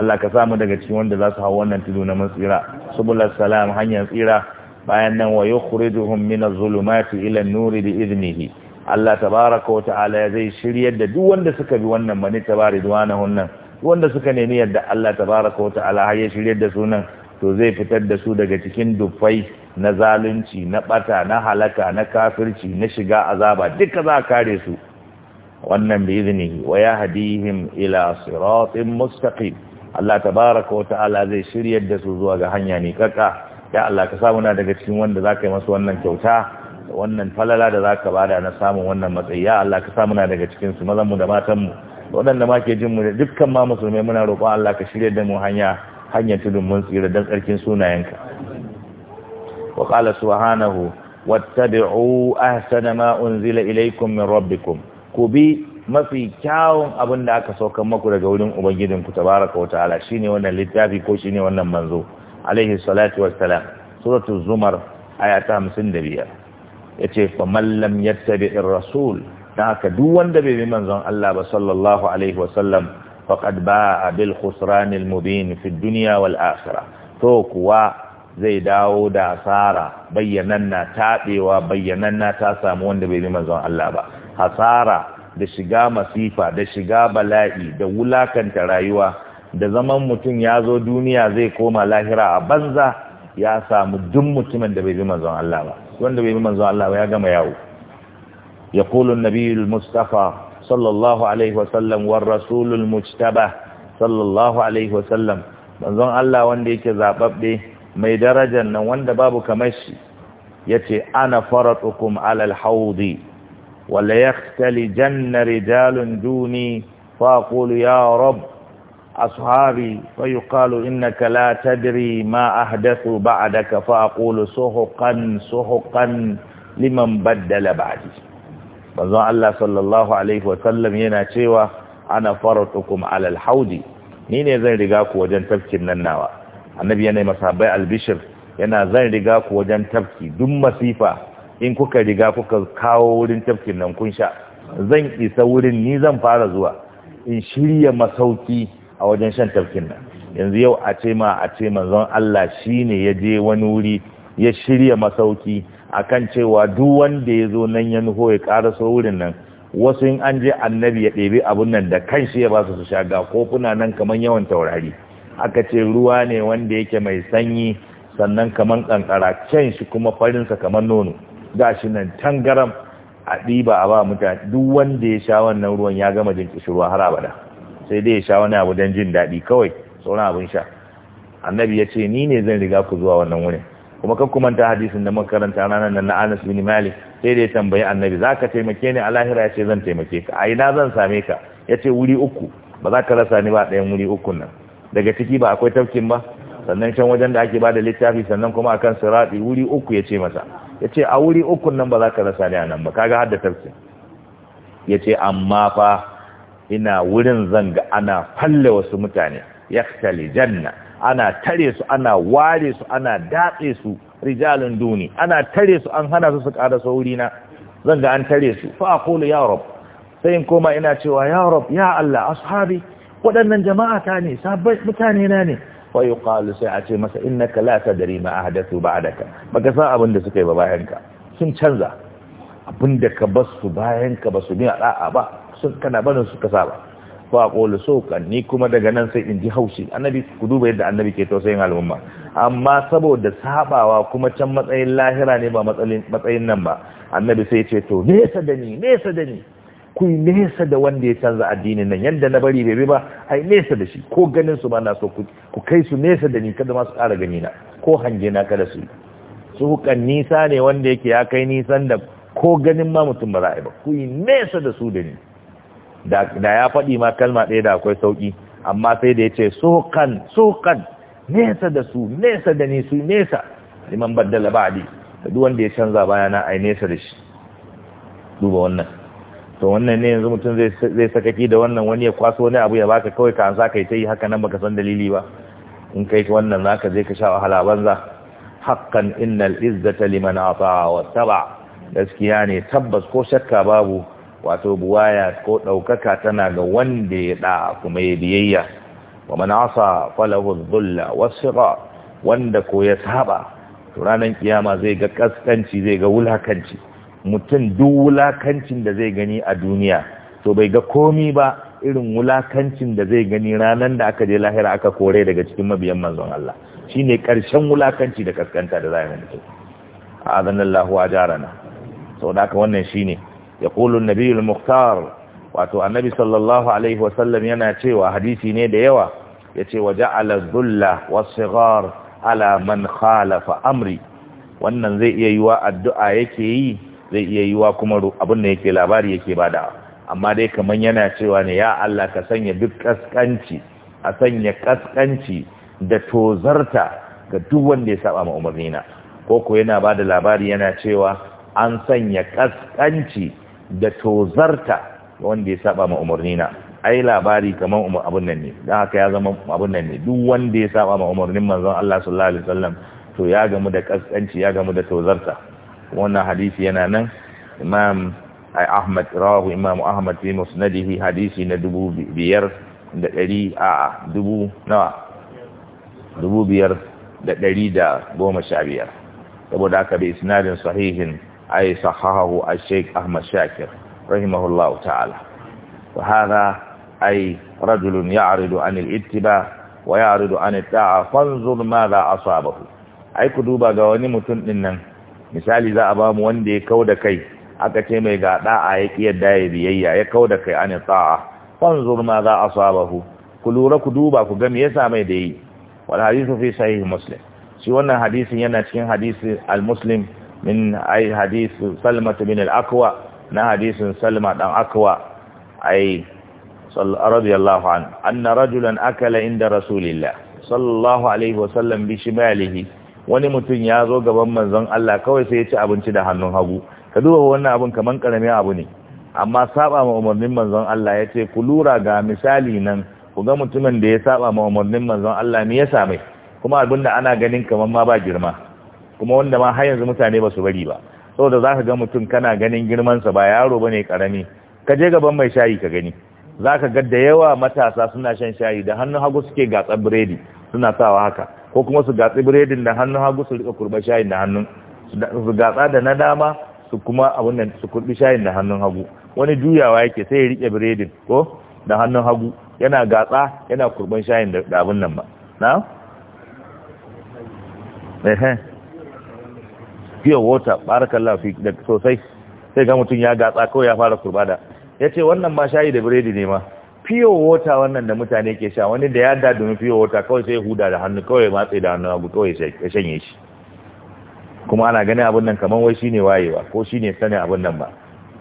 Allah ka samu daga cikin wanda za su hau wannan tudu na mun tsira subulus salam hanyar tsira bayan nan wa yukhrijuhum min az-zulumati ila an-nuri bi idnihi Allah tabaraka wa ta'ala zai shiryar da duk wanda suka bi wannan mani tabari duwanahun hunnan wanda suka nemi yadda Allah tabaraka wa ta'ala har ya shirya da sunan to zai fitar da su daga cikin dufai na zalunci na bata na halaka na kafirci na shiga azaba duka za a kare su wannan bi iznihi wa yahdihim ila siratin mustaqim Allah tabaraka wa ta'ala zai shiryar da su zuwa ga hanya ne kaka ya Allah ka samuna muna daga cikin wanda zaka yi masa wannan kyauta wannan falala da za zaka bada na samun wannan matsayi ya Allah ka samu daga cikin su mazanmu da matanmu waɗanda ma ke jin mu da dukkan ma musulmai muna roƙon Allah ka shirya da mu hanya hanya tudun mun tsira dan tsarkin sunayenka wa qala subhanahu wattabi'u ahsana ma unzila ilaykum min rabbikum ku mafi kyawun abin da aka saukar maku daga wurin ubangijinku tabaraka wata'ala shine wannan littafi ko shine wannan manzo alaihi salatu wassalam suratul zumar ayata 55 yace fa man lam yattabi'ir rasul na haka duk wanda bai bi manzon Allah ba sallallahu alaihi wasallam faqad ba'a bil khusran mubin fi duniya wal akhirah to kuwa zai dawo da asara bayyananna taɗewa bayyananna ta samu wanda bai bi manzon Allah ba hasara da shiga masifa da shiga bala'i da wulakanta rayuwa da zaman mutum ya zo duniya zai koma lahira a banza ya samu duk mutumin da bai bi manzon Allah ba wanda bai bi manzo Allah ya gama yawo Yakulun an Mustapha mustafa sallallahu alaihi wa sallam war rasulul al-mujtaba sallallahu alaihi wa sallam manzon Allah wanda yake zababbe mai darajar nan wanda babu kamar shi yace ana faratukum alal haudi. Wala wa janna rijalun duni fa aqulu ya rabb أصحابي فيقال إنك لا تدري ما أحدث بعدك فأقول سحقا سحقا liman baddala ba'adi. manzon Allah sallallahu yana cewa ana faratukum alal haudi ni ne zan riga ku wajen tafkin nan nawa annabi yana masabai albishir yana zan riga ku wajen tafki duk masifa in kuka riga kuka kawo wurin tafkin nan kun sha zan isa wurin ni zan fara zuwa in shirya masauki a wajen shan tafkin nan yanzu yau a ce ma a ce manzon Allah shine ya je wani wuri ya shirya masauki akan cewa duk wanda ya zo nan ya nuho ya karaso wurin nan wasu in an je annabi ya ɗebi abun nan da kan kanshi ya ba su su sha ga kofuna nan kamar yawan taurari aka ce ruwa ne wanda yake mai sanyi sannan kamar kankara can shi kuma farinsa kaman nono gashi nan tangaram a ɗiba a ba mutane duk wanda ya sha wannan ruwan ya gama jin ruwa har abada sai dai ya sha wani abu don jin daɗi kawai sauran abin sha annabi ya ce ni ne zan riga ku zuwa wannan wurin kuma kan kuma ta hadisin da makaranta ranar nan na Anas bin Malik sai dai ya tambayi annabi za ka taimake ni a lahira ya ce zan taimake ka a ina zan same ka ya ce wuri uku ba za ka rasa ni ba ɗayan wuri uku nan daga ciki ba akwai tafkin ba sannan can wajen da ake bada littafi sannan kuma akan sirati wuri uku ya ce masa ya ce a wuri ukun nan ba za ka rasa ni a nan ba kaga har da tafkin ya ce amma fa ina wurin zanga ana falle wasu mutane yaktali janna ana tare su ana ware su ana datse su rijalun duni ana tare su an hana su su ƙara saurina zanga an tare su fa aqulu ya rab sai in koma ina cewa ya rab ya Allah ashabi waɗannan jama'a ta ne sabbai mutane na ne wa yuqalu sai a ce masa innaka la tadri ma ahdathu ba'daka baka san abin da suka yi ba bayanka sun canza abin da ka ka bayanka basu bi da'a ba sun kana barin su ka saba fa qulu suqan ni kuma daga nan sai in ji haushi annabi ku duba yadda annabi ke tausayin al'umma amma saboda sabawa kuma can matsayin lahira ne ba matsayin matsayin nan ba annabi sai ya ce to nesa da ni nesa da ni ku nesa da wanda ya canza addinin nan yadda na bari bai ba ai nesa da shi ko ganin su ba na so ku kai su nesa da ni kada ma su ƙara gani na ko hange na kada su su kan nisa ne wanda yake ya kai nisan da ko ganin ma mutum ba za a yi ba ku nesa da su da ni da ya faɗi ma kalma ɗaya da akwai sauƙi amma sai da ya ce sokan sokan nesa da su nesa da ni nesa liman baddala ba'di da duk wanda ya canza bayana yi nesa da shi duba wannan to wannan ne yanzu mutum zai sakaki da wannan wani ya kwaso wani abu ya baka kawai ka ka yi ta yi haka nan baka san dalili ba in kai wannan za ka je ka sha wahala banza haqqan innal izzata liman ata wa taba gaskiya ne tabbas ko shakka babu wato buwaya ko ɗaukaka tana ga wanda ya ɗa kuma ya biyayya wa manasa falahu dhulla wasira wanda ko ya saba ranar kiyama zai ga kaskanci zai ga wulakanci mutum duk wulakancin da zai gani a duniya to bai ga komi ba irin wulakancin da zai gani ranar da aka je lahira aka kore daga cikin mabiyan manzon Allah shine karshen wulakanci da kaskanta da zai mutum azanallahu ajarana da haka wannan shine يقول النبي المختار واتو النبي صلى الله عليه وسلم يناتي وحديثي نيدا يوا يتي وجعل الذل والصغار على من خالف امري wannan zai iya yiwa addu'a yake yi zai iya yiwa kuma abin da yake labari yake bada amma dai kaman yana cewa ne ya Allah ka sanya duk kaskanci a sanya kaskanci da tozarta ga duk wanda ya saba ma umarnina ko ko yana bada labari yana cewa an sanya kaskanci da tozarta wanda ya saba ma umarni na ai labari kaman abun nan ne dan haka ya zama abun nan ne duk wanda ya saba ma umarnin manzon Allah sallallahu alaihi wasallam to ya gamu da kaskanci ya gamu da tozarta wannan hadisi yana nan imam ahmad rawahu imam ahmad fi musnadihi hadisi na dubu biyar da ɗari a dubu nawa dubu biyar da ɗari da goma sha biyar saboda haka bai isnadin sahihin أي صححه الشيخ أحمد شاكر رحمه الله تعالى وهذا أي رجل يعرض عن الاتباع ويعرض عن الطاعة فانظر ماذا أصابه أي كدوبا غواني متنن misali za a ba wanda ya kau da kai aka ce mai gaɗa da'a ya ya biyayya ya kau da kai an ta'a fanzur ma za a sabahu ku lura ku duba ku ga me yasa mai da yi wal hadithu fi sahih muslim shi wannan hadisin yana cikin hadisi al muslim min ai hadisu Salma bin al-akwa na hadisin salma dan akwa ai radiyallahu an anna rajulan akala inda rasulillah sallallahu alaihi wasallam bi shimalihi wani mutum ya zo gaban manzon Allah kawai sai ya ci abinci da hannun hagu ka duba wannan abun kaman karamin abu ne amma saba ma umarnin manzon Allah ya ce ku lura ga misali nan ku ga mutumin da ya saba ma umarnin manzon Allah ne ya same kuma abinda ana ganin kaman ma ba girma kuma wanda ma har yanzu mutane ba su bari ba saboda za ka ga mutum kana ganin girmansa ba yaro ba ne karami ka je gaban mai shayi ka gani za ka ga da yawa matasa suna shan shayi da hannun hagu suke gatsa biredi suna sawa haka ko kuma su gatsi biredin da hannun hagu su rika kurba shayin da hannun su gatsa da na dama su kuma abun nan su kurbi shayin da hannun hagu wani juyawa yake sai ya rike biredin ko da hannun hagu yana gatsa yana kurban shayin da abun nan ba na? fiye wata barakan lafi da sosai sai ga mutum ya gatsa kawai ya fara kurbada ya ce wannan ma shayi da biredi ne ma fiye wata wannan da mutane ke sha wani da ya da domin fiye wata kawai sai huda da hannu kawai matse da hannu abu kawai ya shanye shi kuma ana ganin abin nan kaman wai shine wayewa ko shine sani abin nan ba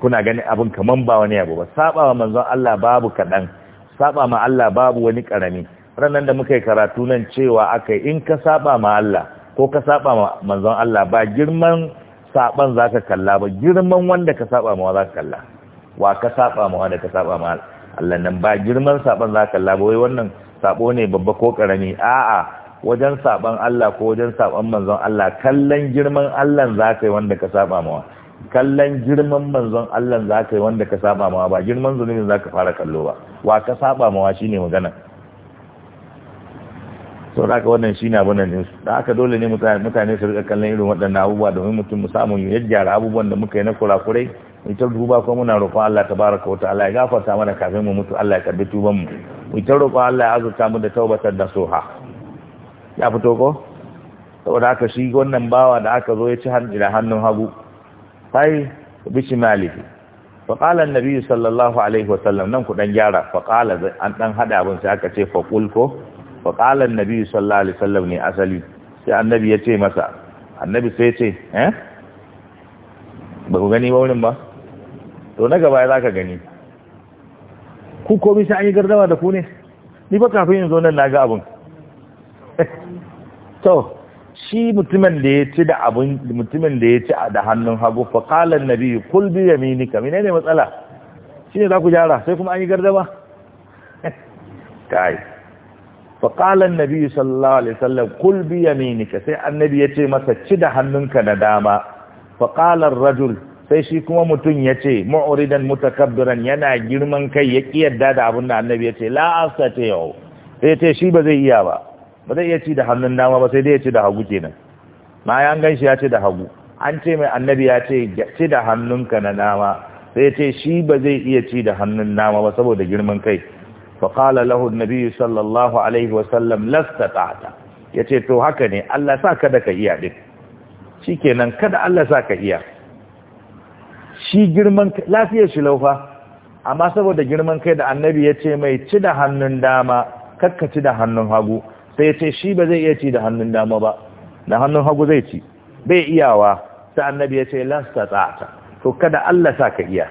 kuna ganin abin kaman ba wani abu ba saba wa manzon Allah babu kadan saba ma Allah babu wani karami ranan da muka yi karatu nan cewa akai in ka saba ma Allah ko ka saba ma manzon Allah ba girman saban zaka kalla ba girman wanda ka saba ma zaka kalla wa ka saba ma wanda ka saba ma Allah nan ba girman saban zaka kalla ba wai wannan sabo ne babba ko karami a'a wajen saban Allah ko wajen saban manzon Allah kallon girman Allah zaka yi wanda ka saba ma kallan girman manzon Allah zaka yi wanda ka saba ma ba girman zunubin zaka fara kallo ba wa ka saba ma shine magana sau da aka wannan shi ne abin nan da aka dole ne mutane su rika kallon irin waɗannan abubuwa domin mutum mu samu ya gyara abubuwan da muka yi na kurakurai mu ta duba ko muna roƙon Allah ta baraka wa Allah ya gafarta mana kafin mu mutu Allah ya karbi tuban mu mu ta roƙon Allah ya azurta mu da taubatar da soha ya fito ko saboda aka shi wannan bawa da aka zo ya ci da hannun hagu sai bishi maliki فقال النبي sallallahu alaihi wasallam nan ku كدن gyara فقال an ɗan haɗa abin sai aka ce faqul ko fa qala annabi sallallahu alaihi wasallam ne asali sai annabi ya ce masa annabi sai ya ce eh ba ku gani ba wurin ba to na gaba za ka gani ku komai sai an yi gardawa da ku ne ni ba kafin yin zo nan na ga abin to shi mutumin da ya ci da abin mutumin da ya ci da hannun hagu fa qala annabi ya bi yaminika menene matsala shine za ku gyara sai kuma an yi gardawa kai فقال النبي صلى sallam عليه وسلم قل Sai Annabi ya ce masa ci da hannunka na dama فقال Rajul sai shi kuma mutum ya ce ma'uridan mutakabbiran yana girman kai ya ƙi yadda da abin da annabi ya ce la'asta ta yau sai ce shi ba zai iya ba ba zai iya ci da hannun dama ba sai dai ya ci da hagu kenan ma ya gan shi ya ci da hagu an ce mai annabi ya ce ci da hannunka na dama sai ce shi ba zai iya ci da hannun dama ba saboda girman kai فقال له النبي صلى الله عليه وسلم لا استطعت yace to haka ne Allah sa da ka iya din shikenan kada Allah sa ka iya shi girman lafiyar shi laufa amma saboda girman kai da annabi yace mai ci da hannun dama kakka ci da hannun hagu sai yace shi ba zai iya ci da hannun dama ba da hannun hagu zai ci bai iyawa sai annabi yace la stata to kada Allah sa ka iya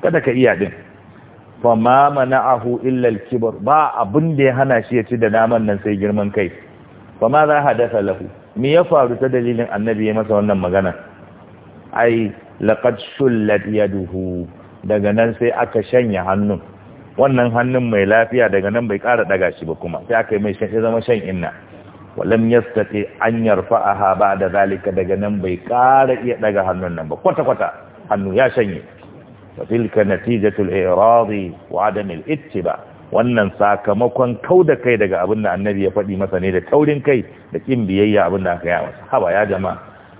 kada ka iya din fa ma mana'ahu illa al-kibr ba abun da ya hana shi ya ci da naman nan sai girman kai fa ma za hadatha lahu me ya faru ta dalilin annabi ya masa wannan magana ai laqad sullat yaduhu daga nan sai aka shanya hannun wannan hannun mai lafiya daga nan bai ƙara daga shi ba kuma sai aka yi mai shan zama shan inna lam yastati an yarfa'aha ba'da zalika daga nan bai ƙara iya daga hannun nan ba kwata kwata hannu ya shanye fatilka natijatul iradi wa adam ittiba wannan sakamakon kauda kai daga abin da annabi ya faɗi masa ne da taurin kai da kin biyayya abin da aka yi masa haba ya jama'a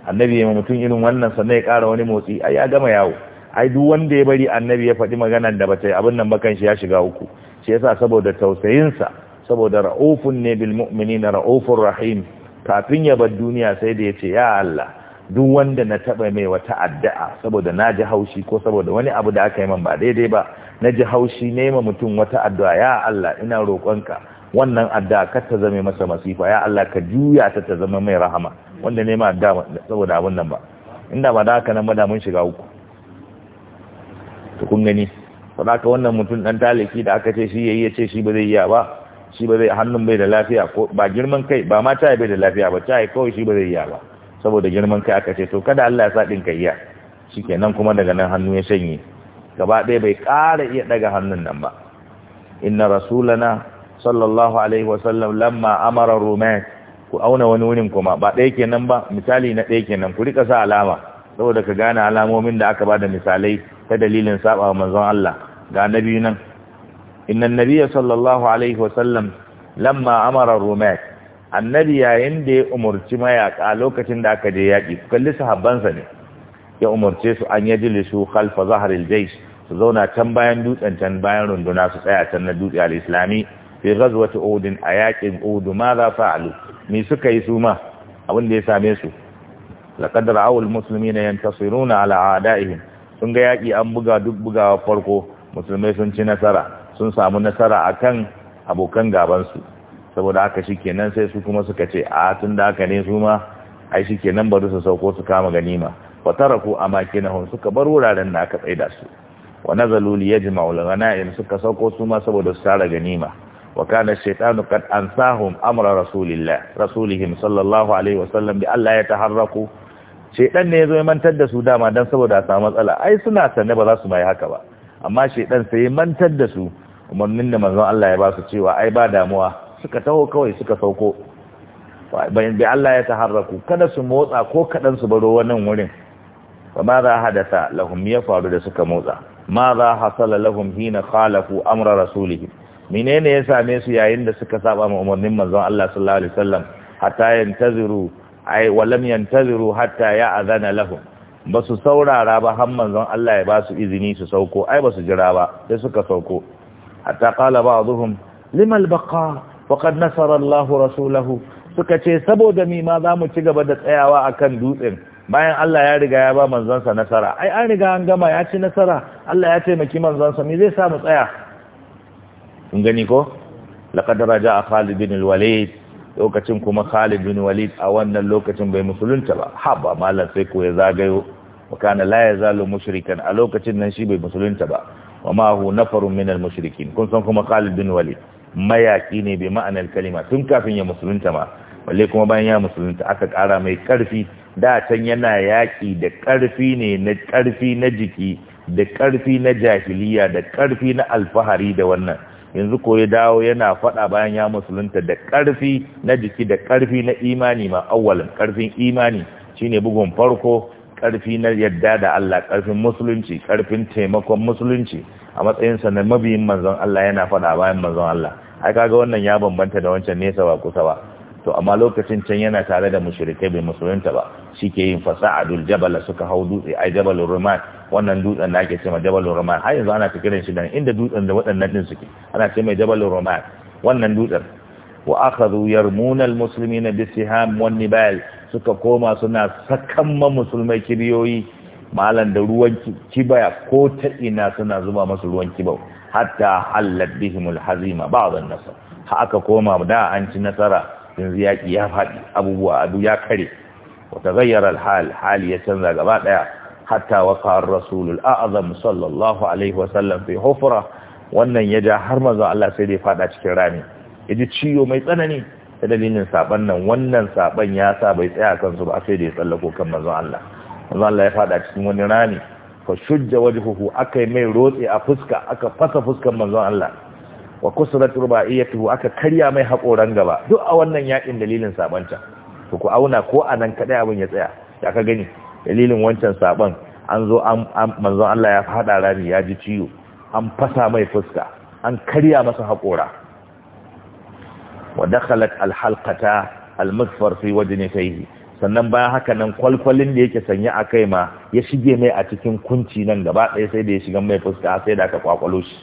annabi ya mutum irin wannan sannan ya ƙara wani motsi ai ya gama yawo ai duk wanda ya bari annabi ya faɗi maganar da bata yi abin nan bakan shi ya shiga uku shi yasa saboda sa saboda ra'ufun ne bil mu'minina ra'ufur rahim kafin ya bar duniya sai da ya ce ya Allah duk wanda na taɓa mai wata addu'a saboda na ji haushi ko saboda wani abu da aka yi man ba daidai ba na ji haushi nema mutum wata addu'a ya Allah ina roƙonka wannan addu'a kar ta zame masa masifa ya Allah ka juya ta ta zama mai rahama wanda ne ma adda saboda abun nan ba inda ba da haka nan ba da mun shiga uku to kun gani saboda wannan mutum dan taliki da aka ce shi yayi ya ce shi ba zai iya ba shi ba zai hannun bai da lafiya ko ba girman kai ba ma ta bai da lafiya ba ta kawai shi ba zai iya ba saboda girman kai aka ce to kada Allah ya sa kai ya shikenan kuma daga nan hannu ya shanye gaba ɗaya bai ƙara iya daga hannun nan ba inna rasulana sallallahu alaihi wasallam lamma amara rumat ku auna wani wurin kuma ba ɗaya kenan ba misali na ɗaya kenan ku rika sa alama saboda ka gane alamomin da aka ba da misalai ta dalilin saba manzon Allah ga nabi nan inna nabiyya sallallahu alaihi wasallam lamma amara rumat annabi yayin da ya umarci mayaka lokacin da aka je yaƙi su kalli sahabbansa ne ya umarce su an yaji lisu khalfa zaharil jaysh su zauna can bayan dutsen can bayan runduna su tsaya can na dutse al-islami fi ghazwati udin a yaƙin udu ma za fa'alu me suka yi su ma abin da ya same su laqad ra'aw al-muslimina yantasiruna ala a'da'ihim sun ga yaƙi an buga duk bugawa farko musulmai sun ci nasara sun samu nasara akan abokan gabansu saboda haka kenan sai su kuma suka ce a tun da haka ne su ma ai shikenan bari su sauko su kama ganima wa taraku amakinahum suka bar wuraren da aka tsaida su wa nazalu li yajma'u al-ghanaim suka sauko su ma saboda su tara ganima wa kana ash-shaytanu qad ansahum amra rasulillah rasulihim sallallahu alaihi wasallam bi alla yataharraku shedan ne yazo ya mantar da su dama dan saboda a samu matsala ai suna sanne ba za su mai haka ba amma shedan sai ya mantar da su umarnin da manzon Allah ya ba su cewa ai ba damuwa suka taho kawai suka sauko bayan bi Allah ya taharraku kada su motsa ko kadan su baro wannan wurin fa ma za hadatha lahum ya faru da suka motsa ma za hasala lahum hina khalafu amra rasulihim menene ya same su yayin da suka saba ma umarnin manzon Allah sallallahu alaihi wasallam hatta yantaziru ai walam yantaziru hatta ya azana lahum ba su saurara ba har manzon Allah ya ba su izini su sauko ai ba su jira ba sai suka sauko hatta qala ba'dhum limal baqa faqad nasarar Lahu rasulahu suka ce saboda mi ma zamu ci gaba da tsayawa a kan dutsen bayan Allah ya riga ya ba manzansa nasara ai an riga an gama ya ci nasara Allah ya taimaki manzansa me zai sa mu tsaya kun gani ko laqad raja'a Khalid bin walid lokacin kuma Khalid bin Walid a wannan lokacin bai musulunta ba haba mallan sai ko ya zagayo wakana la yazalu mushrikan a lokacin nan shi bai musulunta ba wa ma hu nafarun minal mushrikin kun san kuma Khalid bin Walid mayaki ne bai ma'anar kalima tun kafin ya musulunta ma balle kuma bayan ya musulunta aka kara mai karfi da can yana yaƙi da ƙarfi ne na ƙarfi na jiki da ƙarfi na jahiliya da karfi na alfahari da wannan yanzu ko ya dawo yana faɗa bayan ya musulunta da ƙarfi na jiki da ƙarfi na imani ma awwalin ƙarfin imani shine bugun farko ƙarfi na yadda da Allah karfin musulunci karfin taimakon musulunci a matsayinsa na mabiyin manzon Allah yana faɗa bayan manzon Allah ai kaga wannan ya bambanta da wancan nesa ba kusa ba to amma lokacin can yana tare da mushrikai bai musulunta ba shike yin fasa'adul jabala suka hau dutse ai jabal ruman wannan dutsen da ake cewa jabal ruman har yanzu ana kiran shi dan inda dutsen da waɗannan din suke ana cewa jabal ruman wannan dutsen wa akhadhu yarmuna na bisiham wan nibal suka koma suna sakan ma musulmai kibiyoyi malan da ruwan kibaya ko ta ina suna zuba masu ruwan kibau hatta hallat bihim hazima ba'd an-nasr ha aka koma da an ci nasara yanzu yaki ya fadi abubuwa adu ya kare wa taghayyara alhal hali ya canza gaba daya hatta waqa ar-rasul al-a'zam sallallahu alaihi wa sallam fi hufra wannan ya ja har manzo Allah sai da fada cikin rami yaji ciwo mai tsanani da dalilin saban nan wannan saban ya sa bai tsaya kansu ba sai da ya tsallako kan manzo Allah manzo Allah ya fada cikin wani rami fa shujja wajhuhu aka yi mai rotse a fuska aka fasa fuskan manzon Allah wa kusrat tuhu aka karya mai hakoran gaba duk a wannan yakin dalilin sabanta to ku auna ko a nan kaɗai abin ya tsaya da ka gani dalilin wancan saban an zo an manzon Allah ya fada rami ya ji ciwo an fasa mai fuska an karya masa hakora wa dakhalat alhalqata almasfar fi wajnihi sannan bayan haka nan kwalkwalin da yake sanya a kai ma ya shige mai a cikin kunci nan gaba ɗaya sai da ya shiga mai fuska sai da aka kwakwalo shi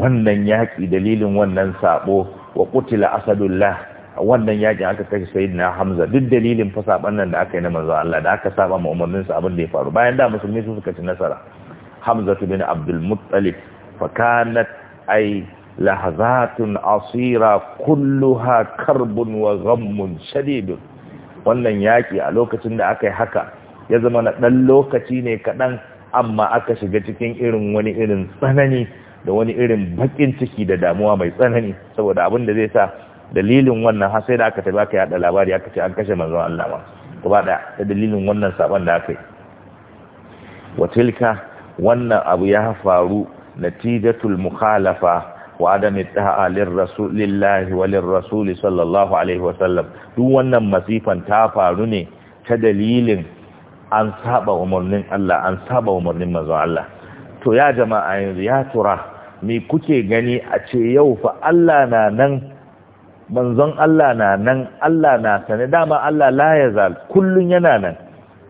wannan yaƙi dalilin wannan sabo wa kutila asadullah wannan yaƙin aka kashe sayyidina hamza duk dalilin fa saban nan da aka yi na manzo Allah da aka saba ma umarnin sa abin da ya faru bayan da musulmi su suka ci nasara hamza bin abdul muttalib fa kanat ay lahazatun asira kulluha karbun wa ghammun shadidun wannan yaƙi a lokacin da aka yi haka ya zama na ɗan lokaci ne kaɗan amma aka shiga cikin irin wani irin tsanani da wani irin baƙin ciki da damuwa mai tsanani saboda abin da zai sa dalilin wannan har sai da aka tafi aka yaɗa labari aka ce an kashe manzon Allah ma gaba ɗaya ta dalilin wannan saban da aka yi watilka wannan abu ya faru natijatul mukhalafa وعدم التهاء للرسول لله وللرسول صلى الله عليه وسلم duk wannan masifan ta faru ne ta dalilin an saba umarnin Allah an saba umarnin manzon Allah to ya jama'a yanzu ya tura me kuke gani a ce yau fa Allah na nan manzon Allah na nan Allah na sane dama Allah la yazal kullun yana nan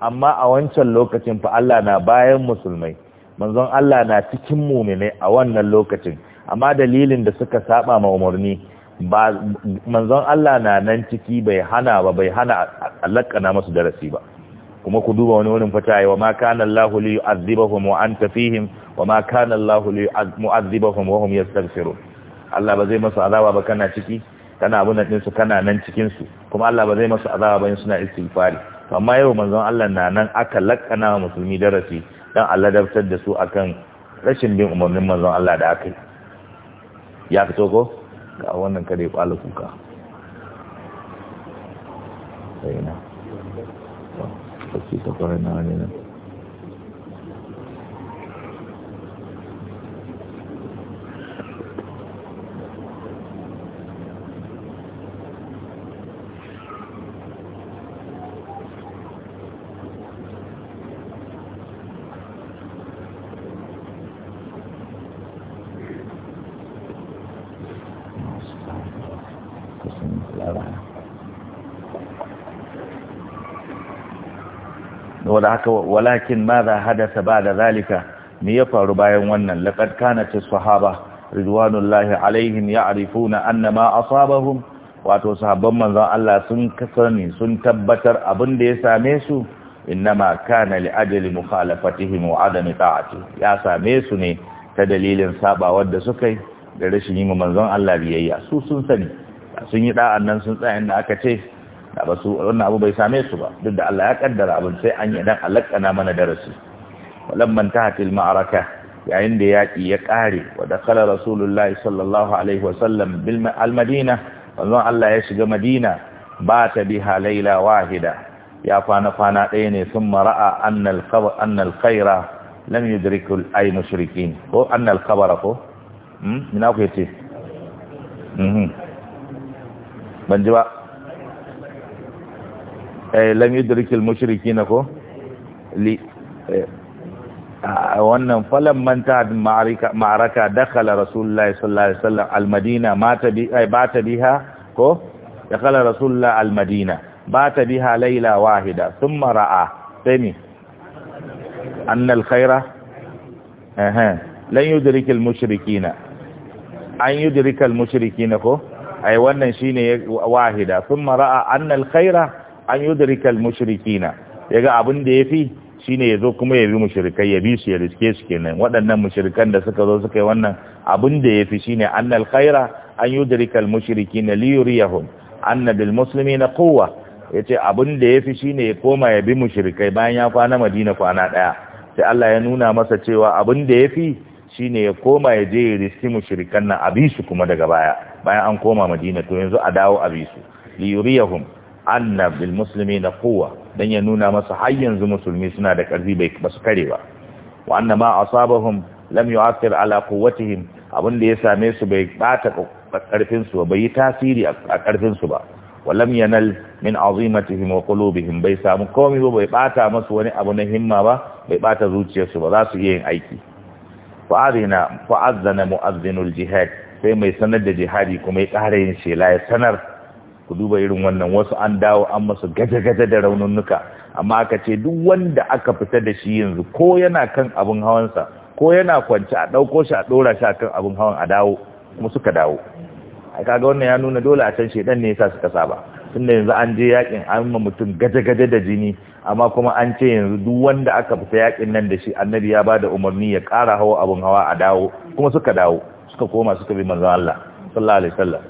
amma a wancan lokacin fa Allah na bayan musulmai manzon Allah na cikin mu'mine a wannan lokacin amma dalilin da suka saba ma umarni ba manzon Allah na nan ciki bai hana ba bai hana allakana masu darasi ba kuma ku duba wani wurin fata yi wa ma kana Allah li yu'adhibahum wa anta fihim wa ma kana Allah li mu'adhibahum wa hum yastaghfirun Allah ba zai masu azaba ba kana ciki kana abun nan su kana nan cikin su kuma Allah ba zai masu azaba ba in suna istighfari amma yau manzon Allah na nan aka lakana musulmi darasi dan Allah dabtar da su akan rashin bin umarnin manzon Allah da aka yi ya fito ko ga wannan kare kwalo kuka sai na ta kwarai na wani nan ta'ala haka walakin ma za hadasa ba da zalika me ya faru bayan wannan laqad kanat as-sahaba ridwanullahi alaihim arifu na annama asabahum wato sahabban manzon Allah sun kasani sun tabbatar abin da ya same su innama kana li ajli mukhalafatihim wa adami ta'ati ya same su ne ta dalilin sabawar da suka yi da rashin yin manzon Allah biyayya su sun sani sun yi da'an nan sun tsayin da aka ce da ba su wannan abu bai same su ba duk da Allah ya kaddara abin sai an yi dan alakana mana darasi walamman tahatil ma'araka yayin da yaki ya kare wa dakhala rasulullahi sallallahu alaihi wa sallam bil al-madina wannan Allah ya shiga madina ba ta biha laila wahida ya kwana kwana ɗaya ne sun mara'a a khabar annal khaira lam mushrikin ko annal ko hmm? ina ku yace mhm ban ji ba eh lam yudrikil mushrikina ko li eh, wannan falan manta ma'araka dakala rasulullahi sallallahu alaihi wasallam almadina mata bi ay eh, bata biha ko dakala rasulullah almadina bata biha layla wahida thumma ra'a sami anna alkhaira aha lan yudrikil mushrikina an yudrikal mushrikina ko ai wannan shine wahida thumma ra'a anna Khaira, an yudrika almushrikina yaga abin da yafi shine yazo kuma yabi mushrikai ya bi su ya riske su kenan waɗannan mushrikan da suka zo suka yi wannan abin da yafi shine anna Khaira, an yudrika almushrikina li yuriyahum anna bil muslimina quwwa yace abin da yafi shine ya koma ya bi mushrikai bayan ya kwana Madina kwana daya sai Allah ya nuna masa cewa abin da yafi shine ya koma ya je ya riski mushrikan nan abi su kuma daga baya bayan an koma madina to yanzu a dawo a bisu li yuriyahum anna bil muslimina quwwa dan ya nuna masa har yanzu musulmi suna da karfi bai basu kare ba wa anna ma asabahum lam yu'athir ala quwwatihim abin da ya same su bai bata karfin su bai yi tasiri a karfin su ba walam yanal min azimatihim wa qulubihim bai samu komai ba bai bata masu wani abu na himma ba bai bata zuciyarsu ba za su iya yin aiki fa'azina fa'azana mu'azzinul jihad sai mai sanar da jihadi kuma ya ƙara yin shela ya sanar ku duba irin wannan wasu an dawo an masu gaje-gaje da raununuka amma aka ce duk wanda aka fita da shi yanzu ko yana kan abin hawansa ko yana kwance a ɗauko shi a ɗora shi a kan abin hawan a dawo kuma suka dawo a kaga wannan ya nuna dole a can shedan ne yasa suka saba tunda yanzu an je yakin an ma mutum gaje-gaje da jini amma kuma an ce yanzu duk wanda aka fita yakin nan da shi annabi ya ba da umarni ya kara hawa abin hawa a dawo kuma suka dawo suka koma suka bi manzon Allah sallallahu alaihi wasallam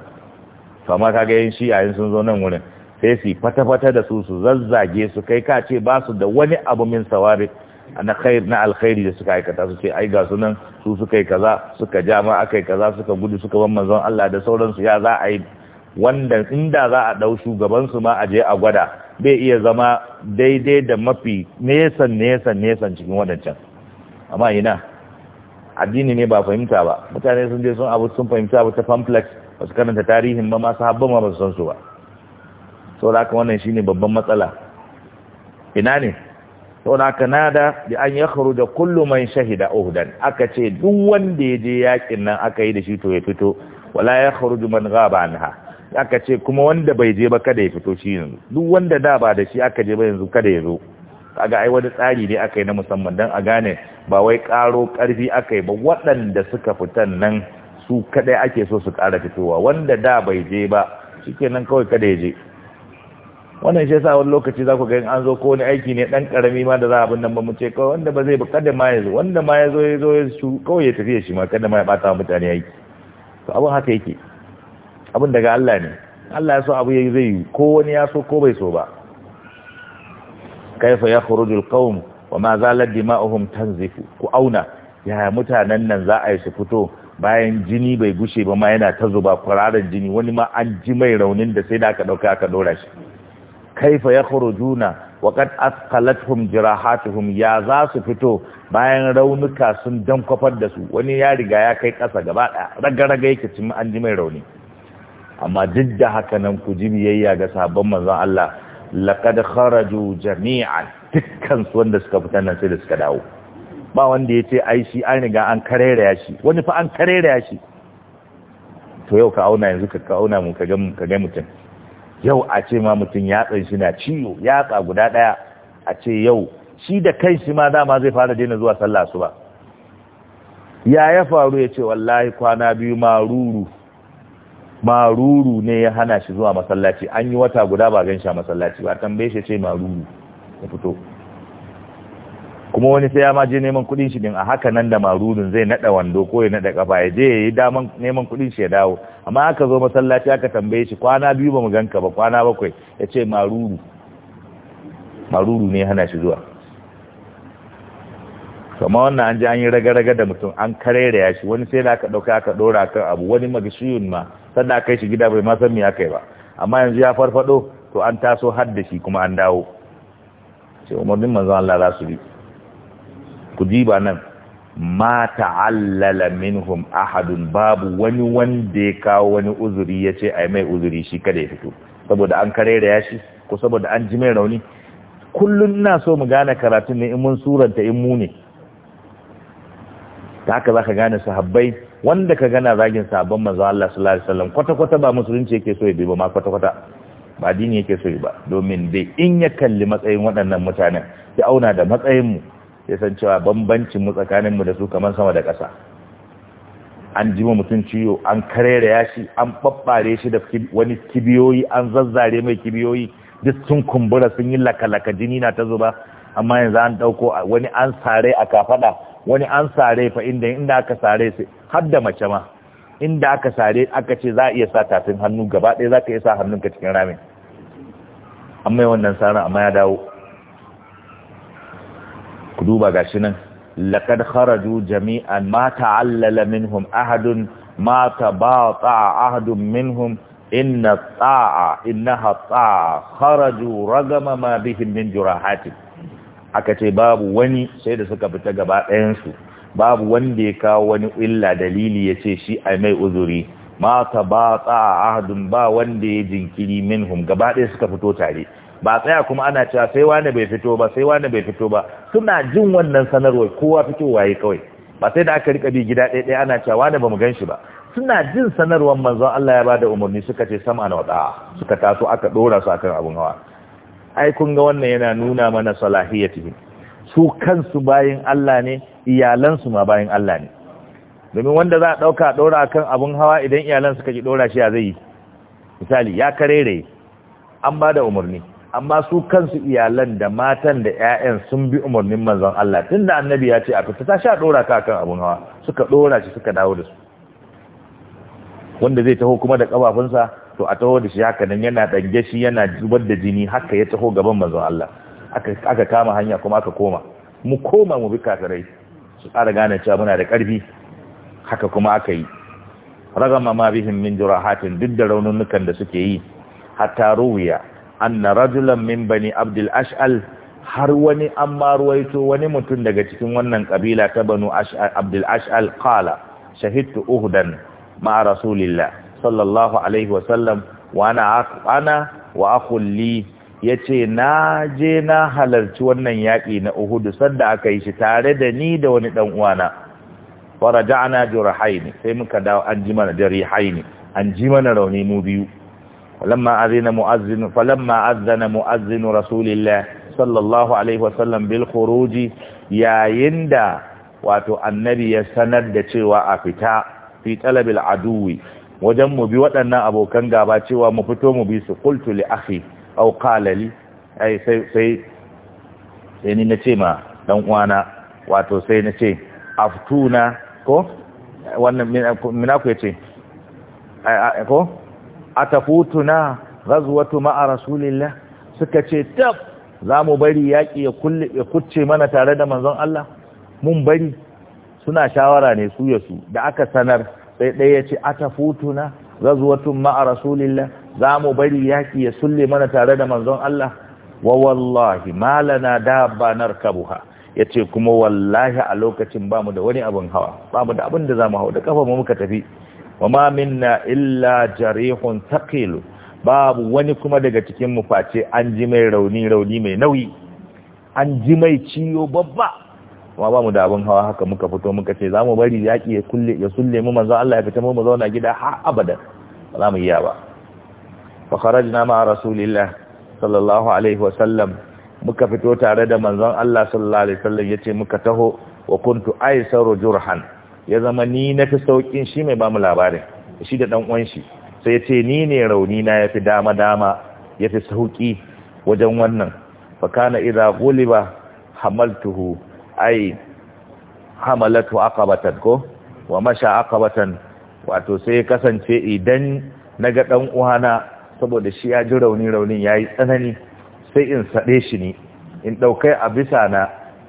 to amma kaga yin shi ayin sun zo nan wurin sai su fata-fata da su su zazzage su kai ka ce ba su da wani abu min sawabi na khair na alkhairi da suka aikata su ce ai ga su nan su suka yi kaza suka ja aka yi kaza suka gudu suka ban manzan Allah da sauransu ya za a yi wanda inda za a dau shugaban su ma a je a gwada bai iya zama daidai da mafi nesan nesan nesan cikin wadancan amma ina addini ne ba fahimta ba mutane sun je sun abu sun fahimta ba ta pamphlet ba su karanta tarihin ba masu habban ma ba su san su ba sau da aka wannan shine babban matsala ina ne sau da aka nada da an ya karu da kullum man shahida uhudan aka ce duk wanda ya je yakin nan aka yi da shi to ya fito wala ya karu da man gaba anha aka ce kuma wanda bai je ba kada ya fito shi yanzu duk wanda da ba da shi aka je ba yanzu kada ya zo ga ai wani tsari ne aka yi na musamman don a gane ba wai karo karfi aka yi ba waɗanda suka fitan nan su kadai ake so su kara fitowa wanda da bai je ba shikenan kawai kada ya je wannan shi yasa wani lokaci za ku ga an zo ko wani aiki ne dan karami ma da za a bin nan ba mu ce kawai wanda ba zai ba kada ma ya zo wanda ma ya zo ya zo ya su kawai ya tafi shi ma kada ma ya bata mutane aiki to abin haka yake abin daga Allah ne Allah ya so abu ya zai yi ko wani ya so ko bai so ba kaifa yakhruju alqawm wa ma zalat dima'uhum tanzifu ku auna ya mutanen nan za a yi su fito bayan jini bai gushe ba ma yana ta zuba kwararan jini wani ma an ji mai raunin da sai da aka dauka aka dora shi kaifa ya khurujuna wa qad asqalathum jirahatuhum ya za su fito bayan raunuka sun dankwafar da su wani ya riga ya kai ƙasa gaba da raga-raga yake cin an ji mai rauni amma duk da haka nan ku ji biyayya ga sabon manzon Allah laƙad kharaju jami'an dukkan su wanda suka fita nan sai da suka dawo ba wanda ya ai shi an riga an ya shi wani fa an ya shi to yau ka auna yanzu ka auna mu ka ga mutum yau a ce ma mutum ya shi na ciwo ya ka guda daya a ce yau shi da kai shi ma dama zai fara daina zuwa sallah su ba ya ya faru ya ce wallahi kwana biyu ma ruru maruru ne ya hana shi zuwa masallaci an yi wata guda ba gan sha masallaci ba tambaye shi ce maruru ya fito kuma wani sai ya ma je neman kudin shi din a haka nan da marurun zai nada wando ko ya nada kafa ya je yayi daman neman kudin shi ya dawo amma aka zo masallaci aka tambaye shi kwana biyu ba mu ganka ba kwana bakwai ya ce maruru maruru ne ya hana shi zuwa kama wannan an ji an yi raga-raga da mutum an karera ya shi wani sai da aka ɗauka aka ɗora kan abu wani magishiyun ma sannan aka yi shi gida bai ma san me aka yi ba amma yanzu ya farfado to an taso har da shi kuma an dawo ce umarnin manzan Allah za su bi ku ba nan ma ta'allala minhum ahadun babu wani wanda ya kawo wani uzuri ya ce yi mai uzuri shi kada ya fito saboda an karera ya shi ko saboda an ji mai rauni kullum na so mu gane karatun ne in mun suranta in mu ne ta haka za ka gane sahabbai wanda ka gana zagin sabon manzo Allah sallallahu alaihi wasallam kwata kwata ba musulunci yake so ya bi ba ma kwata kwata ba dini yake so ba domin dai in ya kalli matsayin waɗannan mutanen ya auna da matsayin mu ya san cewa bambancin mu tsakanin mu da su kamar sama da ƙasa an ji mutum ciwo an karere ya shi an babbare shi da wani kibiyoyi an zazzare mai kibiyoyi duk sun kumbura sun yi lakalaka jini na ta zuba amma yanzu an ɗauko wani an sare a kafaɗa wani an sare fa inda inda aka sare su hadda da mace ma inda aka sare aka ce za a iya sa tafin hannu gaba ɗaya za ka iya sa hannunka cikin ramin amma wannan saran amma ya dawo ku duba shi nan laqad kharaju jami'an mata allala minhum ahadun ba tabata'a ahadun minhum inna ta'a innaha ta'a kharaju ragama ma bihim min jurahatin aka ce babu wani sai da suka fita gaba ɗayansu babu wanda ya kawo wani illa dalili ya ce shi a mai uzuri ma ta ba ahadun ba wanda ya jinkiri minhum gaba ɗaya suka fito tare ba tsaya kuma ana cewa sai wani bai fito ba sai wani bai fito ba suna jin wannan sanarwar kowa fitowa yi kawai ba sai da aka rika bi gida ɗaya ɗaya ana cewa wani ba mu gan shi ba suna jin sanarwar manzon Allah ya bada umarni suka ce sama na wada suka taso aka dora su akan abun hawa ai kun ga wannan yana nuna mana salahiyatihim su kansu bayin Allah ne iyalansu ma bayin Allah ne domin wanda za a ɗauka ɗora kan abun hawa idan iyalan suka yi ɗora shi ya zai yi misali ya karere an ba da umarni amma su kansu iyalan da matan da 'ya'yan sun bi umarnin manzon Allah Tunda annabi ya ce a fita ta sha dora ka kan abun hawa suka dora shi suka dawo da su wanda zai taho kuma da kafafunsa to a taho da shi haka nan yana ɗange shi yana zubar da jini haka ya taho gaban manzon Allah aka kama hanya kuma aka koma mu koma mu bi kafirai su tsara gane cewa muna da ƙarfi haka kuma aka yi ragama ma bihim min jurahatin duk da raununukan da suke yi hatta ruwiya anna rajulan min bani abdul ash'al har wani an maruwaito wani mutum daga cikin wannan kabila ta banu abdul ash'al qala shahidtu uhudan ma rasulillah sallallahu alaihi wasallam wa ana ana wa akulli ya ce na je na halarci wannan yaƙi na uhudu sanda aka yi shi tare da ni da wani ɗan uwana fara ja'ana jirahaini sai muka dawo an ji mana jarihaini an ji mana rauni mu biyu falamma azina mu'azzin falamma azzana mu'azzin rasulillah sallallahu alaihi wasallam bil khuruji yayin da wato annabi ya sanar da cewa a fita fi talabil aduwi wajen mu bi waɗannan abokan gaba cewa mu fito mu bi su kultu li akhi aw qala li ai sai sai sai ni nace ma dan uwana wato sai nace aftuna ko wannan mina ku yace ko atafutuna ghazwatu ma rasulillah suka ce tab za mu bari yaƙi ya kucce mana tare da manzon Allah mun bari suna shawara ne su ya su da aka sanar sai ɗaya ya ce atafutuna ghazwatun ma'a rasulillah za mu bari yaƙi ya sulle mana tare da manzon Allah wa wallahi ma lana kabuha. narkabuha ce kuma wallahi a lokacin ba mu da wani abin hawa Ba mu da abin da za mu hau da kafa mu muka tafi wa ma minna illa jarihun taqilu babu wani kuma daga cikin mu face an ji mai rauni rauni mai nauyi an ji mai ciwo babba kuma ba mu da abin hawa haka muka fito muka ce za mu bari yaƙi ya kulle ya sulle mu manzo Allah ya fita mu mu zauna gida har abada ba za mu yi ba fa kharajna ma rasulillah sallallahu alaihi wa sallam muka fito tare da manzon Allah sallallahu alaihi wa sallam yace muka taho wa kuntu aisaru jurhan ya zama ni na fi saukin shi mai ba mu labarin shi da dan uwan shi sai yace ni ne rauni na yafi dama dama yafi sauki wajen wannan fa kana idza ghuliba hamaltuhu ai hamalatu aqabatan ko wa masha aqabatan wato sai ya kasance idan naga dan uwana saboda shi ya ji rauni rauni yayi tsanani sai in sade shi ne in daukai a bisa na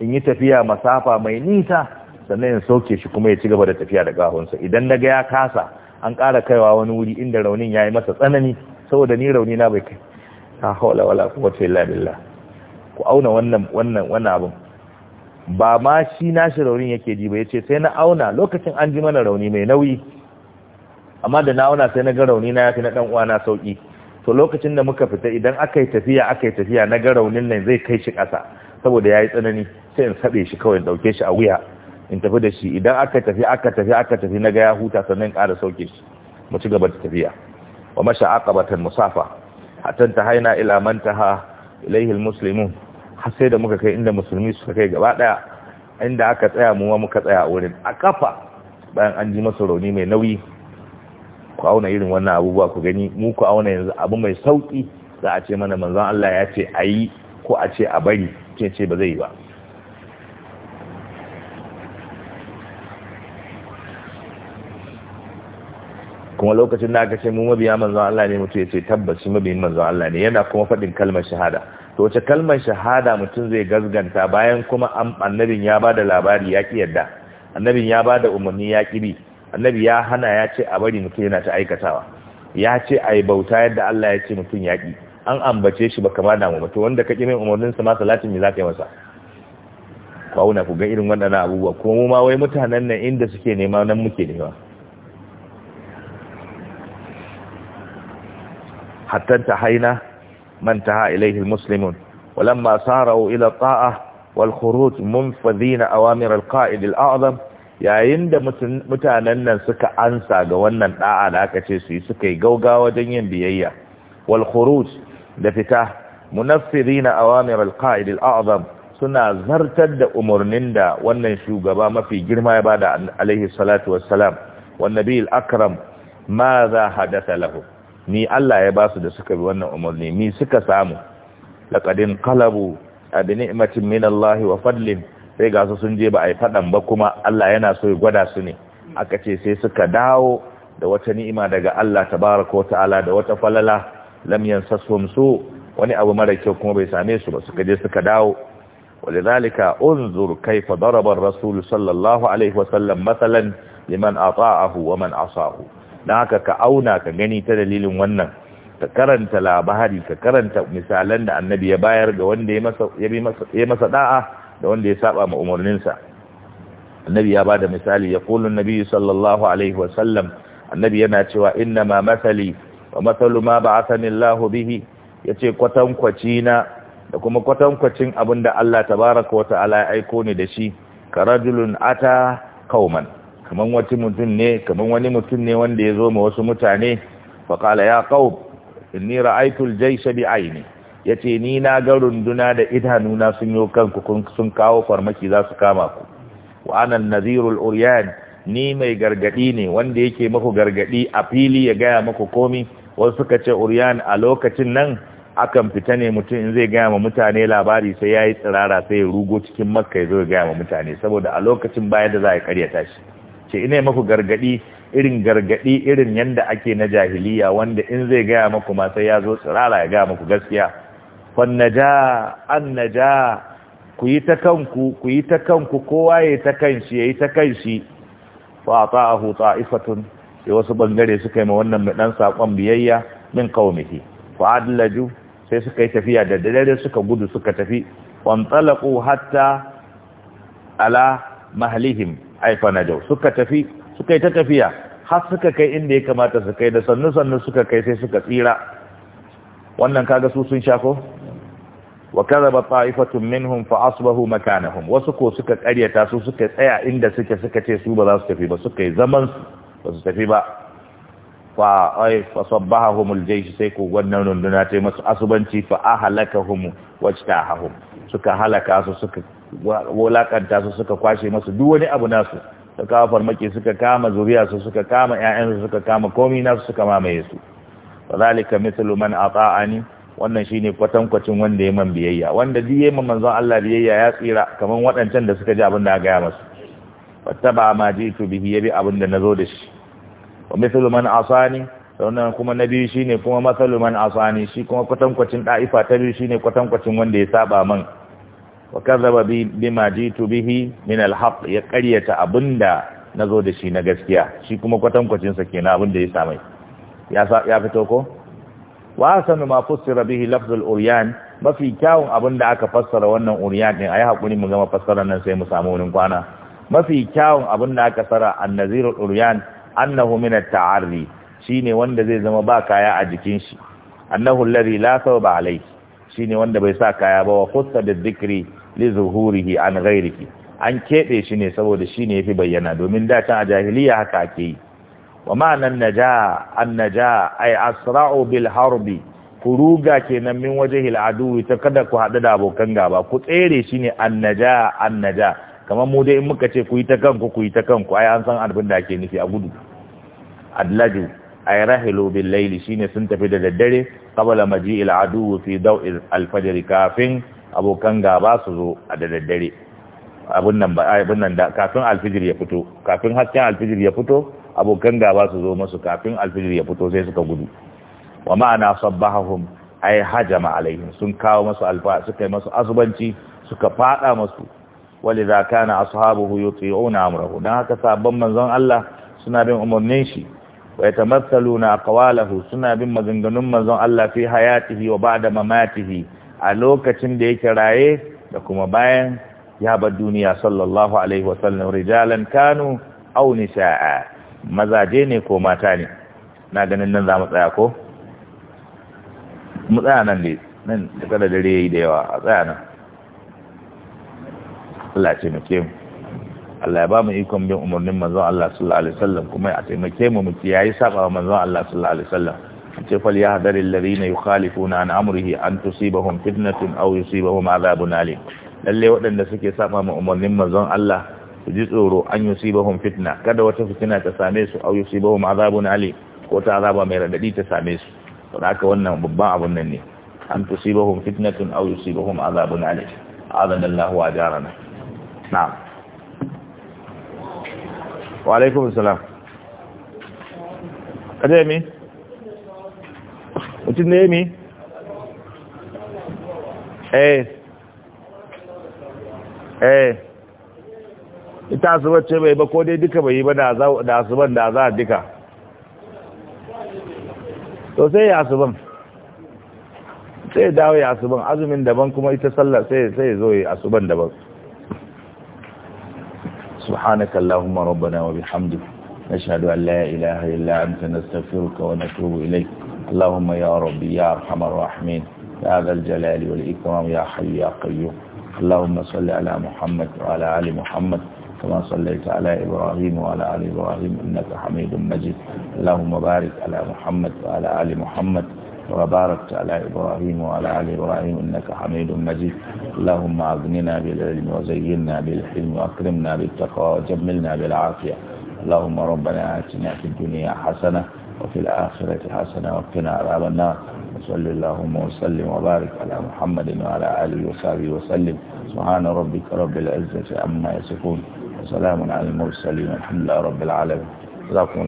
in yi tafiya masafa mai nisa sannan in sauke shi kuma ya ci gaba da tafiya da gahunsa idan naga ya kasa an ƙara kaiwa wani wuri inda raunin yi masa tsanani saboda ni rauni na bai kai la hawla wala quwwata illa billah ku auna wannan wannan wannan abin ba ma shi nashi raunin yake ji ba ya ce sai na auna lokacin an ji mana rauni mai nauyi amma da na auna sai na ga rauni na ya fi na ɗan uwana sauƙi to lokacin da muka fita idan aka yi tafiya aka yi tafiya na ga raunin nan zai kai shi ƙasa saboda ya yi tsanani sai in saɓe shi kawai in ɗauke shi a wuya in tafi da shi idan aka tafi aka tafi aka tafi na ga ya huta sannan in ƙara sauke shi mu ci gaba da tafiya wa masha aqabatan musafa hatta haina ila man taha ilaihi har sai da muka kai inda musulmi suka kai gaba daya inda aka tsaya mu muka tsaya wurin a kafa bayan an ji masa rauni mai nauyi ku auna irin wannan abubuwa ku gani mu ku auna yanzu abu mai sauki za a ce mana manzon Allah ya ce ayi ko a ce a bari ce ce ba zai yi ba kuma lokacin da aka ce mu mabiya manzon Allah ne mutu ya ce tabbaci mabiyin manzon Allah ne yana kuma faɗin kalmar shahada to wace kalmar shahada mutum zai gazganta bayan kuma annabin ya bada labari ya ki yadda annabin ya bada umarni ya ki bi annabi ya hana ya ce a bari mutum yana ta aikatawa ya ce a yi bauta yadda Allah ya ce mutum ya ki an ambace shi ba ma damu ba wanda ka ki min umarnin sa ma salatin me za yi masa kawuna ku ga irin waɗannan abubuwa kuma mu ma wai mutanen nan inda suke nema nan muke nema hatta ta haina ما انتهى إليه المسلمون ولما صاروا إلى الطاعة والخروج منفذين أوامر القائد الأعظم yayin da mutanen nan suka ansa ga wannan da'a da aka ce su yi suka yi gaugawa wajen yin biyayya wal da fita munaffirina awamir al qa'id al a'zam suna zartar da umarnin da wannan shugaba mafi girma ya bada alaihi salatu wassalam wan nabi akram maza za hadatha ni Allah ya ba su da suka bi wannan umarni ni suka samu laqadin qalabu abi ni'matin min Allah wa fadlin sai ga su sun je ba ai fadan ba kuma Allah yana so ya gwada su ne aka ce sai suka dawo da wata ni'ima daga Allah tabaaraka wa ta'ala da wata falala lam yansasum su wani abu mara kyau kuma bai same su ba suka je suka dawo ولذلك انظر كيف ضرب الرسول صلى الله عليه وسلم مثلا لمن أطاعه ومن عصاه don haka ka auna ka gani ta dalilin wannan ka karanta labari ka karanta misalan da annabi ya bayar ga wanda ya masa da'a da wanda ya saba ma umarninsa annabi ya ba da misali ya kulu nabi sallallahu alaihi wasallam annabi yana cewa inna ma masali wa masalu ma sanin Allahu bihi yace kwatankwaci na da kuma kwatankwacin abinda Allah tabaraka wa ta'ala ya aiko ni da shi ka rajulun ata qauman kaman wani mutum ne kaman wani mutum ne wanda ya zo ma wasu mutane fa qala ya qaum inni ra'aytu al-jaysha bi ya yace ni na ga runduna da idanuna sun yo kanku sun kawo farmaki za su kama ku wa ana an uryan ni mai gargadi ne wanda yake muku gargadi a fili ya gaya muku komi wasu suka ce uryan a lokacin nan akan fita ne mutum in zai gaya ma mutane labari sai ya yi tsirara sai ya rugo cikin makka ya zo ya gaya ma mutane saboda a lokacin baya da za a karyata shi ce ina maku gargadi irin gargadi irin yanda ake na jahiliya wanda in zai gaya maku ma sai ya zo tsirara ya gaya maku gaskiya na ja ku yi ta kanku ku yi ta kanku kowa ya ta shi ya yi ta shi fa ta'ahu ifatun sai wasu bangare suka yi ma wannan mai dan sakon biyayya min qaumihi fa adlaju sai suka yi tafiya da dare suka gudu suka tafi wantalaqu hatta ala mahlihim na jau suka tafi suka yi ta tafiya har suka kai inda ya kamata su kai da sannu sannu suka kai sai suka tsira wannan kaga su sun shako wa kadhaba ta'ifatun minhum fa asbahu makanahum wasu ko suka karyata su suka tsaya inda suke suka ce su ba za su tafi ba suka yi zaman su ba su tafi ba fa ay fa sabbahum aljaysh sai ko wannan runduna ta yi masu asubanci fa ahlakahum wajtahahum suka halaka su suka wulakanta su suka kwashe masu duk wani abu nasu ta kawo farmaki suka kama zuriya su suka kama ƴaƴansu suka kama komai nasu suka mamaye su zalika mithlu man ata'ani wannan shine kwatankwacin wanda ya man biyayya wanda duk yayin manzon Allah biyayya ya tsira kaman waɗancan da suka ji abin da ga ya masu wattaba ma jitu bihi yabi abin da nazo da shi wa mithlu man asani wannan kuma nabi shine kuma mathalu man asani shi kuma kwatankwacin da'ifa ta biyu shine kwatankwacin wanda ya saba man wa bi bima jitu bihi min alhaq ya qaryata abunda nazo da shi na gaskiya shi kuma kwatankwacin sa kenan abunda ya samai ya ya fito ko wa sanu ma fusira bihi lafzul uryan mafi kyawun abinda aka fassara wannan uryan din ayi hakuri mu gama fassara nan sai mu samu wurin kwana mafi kyawun da aka sara annazirul uryan annahu min at-ta'arri shine wanda zai zama ba kaya a jikin shi annahu alladhi la sawba alayhi shine wanda bai sa kaya ba wa khutta bi dhikri li zuhurihi an ghairihi an keɓe shi ne saboda shi ne yafi bayyana domin da can a jahiliya haka ake yi wa ma'anan naja an naja ay asra'u bil harbi kuruga kenan min al aduwi ta kada ku haɗu da abokan gaba ku tsere shi ne an naja an naja kamar mu dai in muka ce ku yi ta kanku ku yi ta kanku ai an san abin da ake nufi a gudu adlaju ay rahilu bil layli shine sun tafi da daddare qabla maji'il adu fi daw'il al-fajr kafin abokan gaba su zo a da daddare abun nan ba abun nan da kafin alfijir ya fito kafin hasken alfijir ya fito abokan gaba su zo masu kafin alfijir ya fito sai suka gudu wa ma'ana sabbahum ay hajama alaihim sun kawo masu alfa suka yi masu asubanci suka fada masu walidha kana ashabuhu yuti'una amrahu dan haka sabon manzon Allah suna bin umarnin shi wa yatamathaluna aqwalahu suna bin maganganun manzon Allah fi hayatihi wa ba'da mamatihi a lokacin da yake raye da kuma bayan ya bar duniya sallallahu alaihi wasallam rijalan kanu aw nisaa mazaje ne ko mata ne na ganin nan za mu tsaya ko mu tsaya nan ne nan da dare yayi da yawa a tsaya nan Allah ce muke mu Allah ya ba mu ikon bin umarnin manzon Allah sallallahu alaihi wasallam kuma ya taimake mu mu kiyaye saba manzon Allah sallallahu alaihi wasallam ce fal yahdaril ladina yukhalifuna an amrihi an tusibahum fitnatun aw yusibahum adhabun alim lalle waɗanda suke saba ma umarnin mazan Allah su ji tsoro an yusibahum fitna kada wata fitina ta same su aw yusibahum adhabun alim ko ta azaba mai radadi ta same su to haka wannan babban abin nan ne an tusibahum fitnatun aw yusibahum adhabun alim azan Allah wa jarana na'am wa alaikum salam kada mi mutum ne mi eh eh ita asubar ce bai ba ko dai duka bai yi ba da asuban da za a duka to sai ya asuban sai ya dawo ya azumin daban kuma ita sallar sai sai zo ya asuban daban سبحانك اللهم ربنا وبحمدك نشهد أن لا إله إلا أنت نستغفرك ونتوب إليك اللهم يا ربي يا أرحم الراحمين يا ذا الجلال والإكرام يا حي يا قيوم اللهم صل على محمد وعلى آل محمد كما صليت على إبراهيم وعلى آل إبراهيم إنك حميد مجيد اللهم بارك على محمد وعلى آل محمد وبارك على إبراهيم وعلى آل إبراهيم إنك حميد مجيد اللهم أغننا بالعلم وزينا بالحلم وأكرمنا بالتقوى وجملنا بالعافية اللهم ربنا آتنا في الدنيا حسنة وفي الآخرة حسنة وقنا عذاب النار وصل اللهم وسلم وبارك على محمد وعلى آله وصحبه وسلم سبحان ربك رب العزة عما يصفون وسلام على المرسلين الحمد لله رب العالمين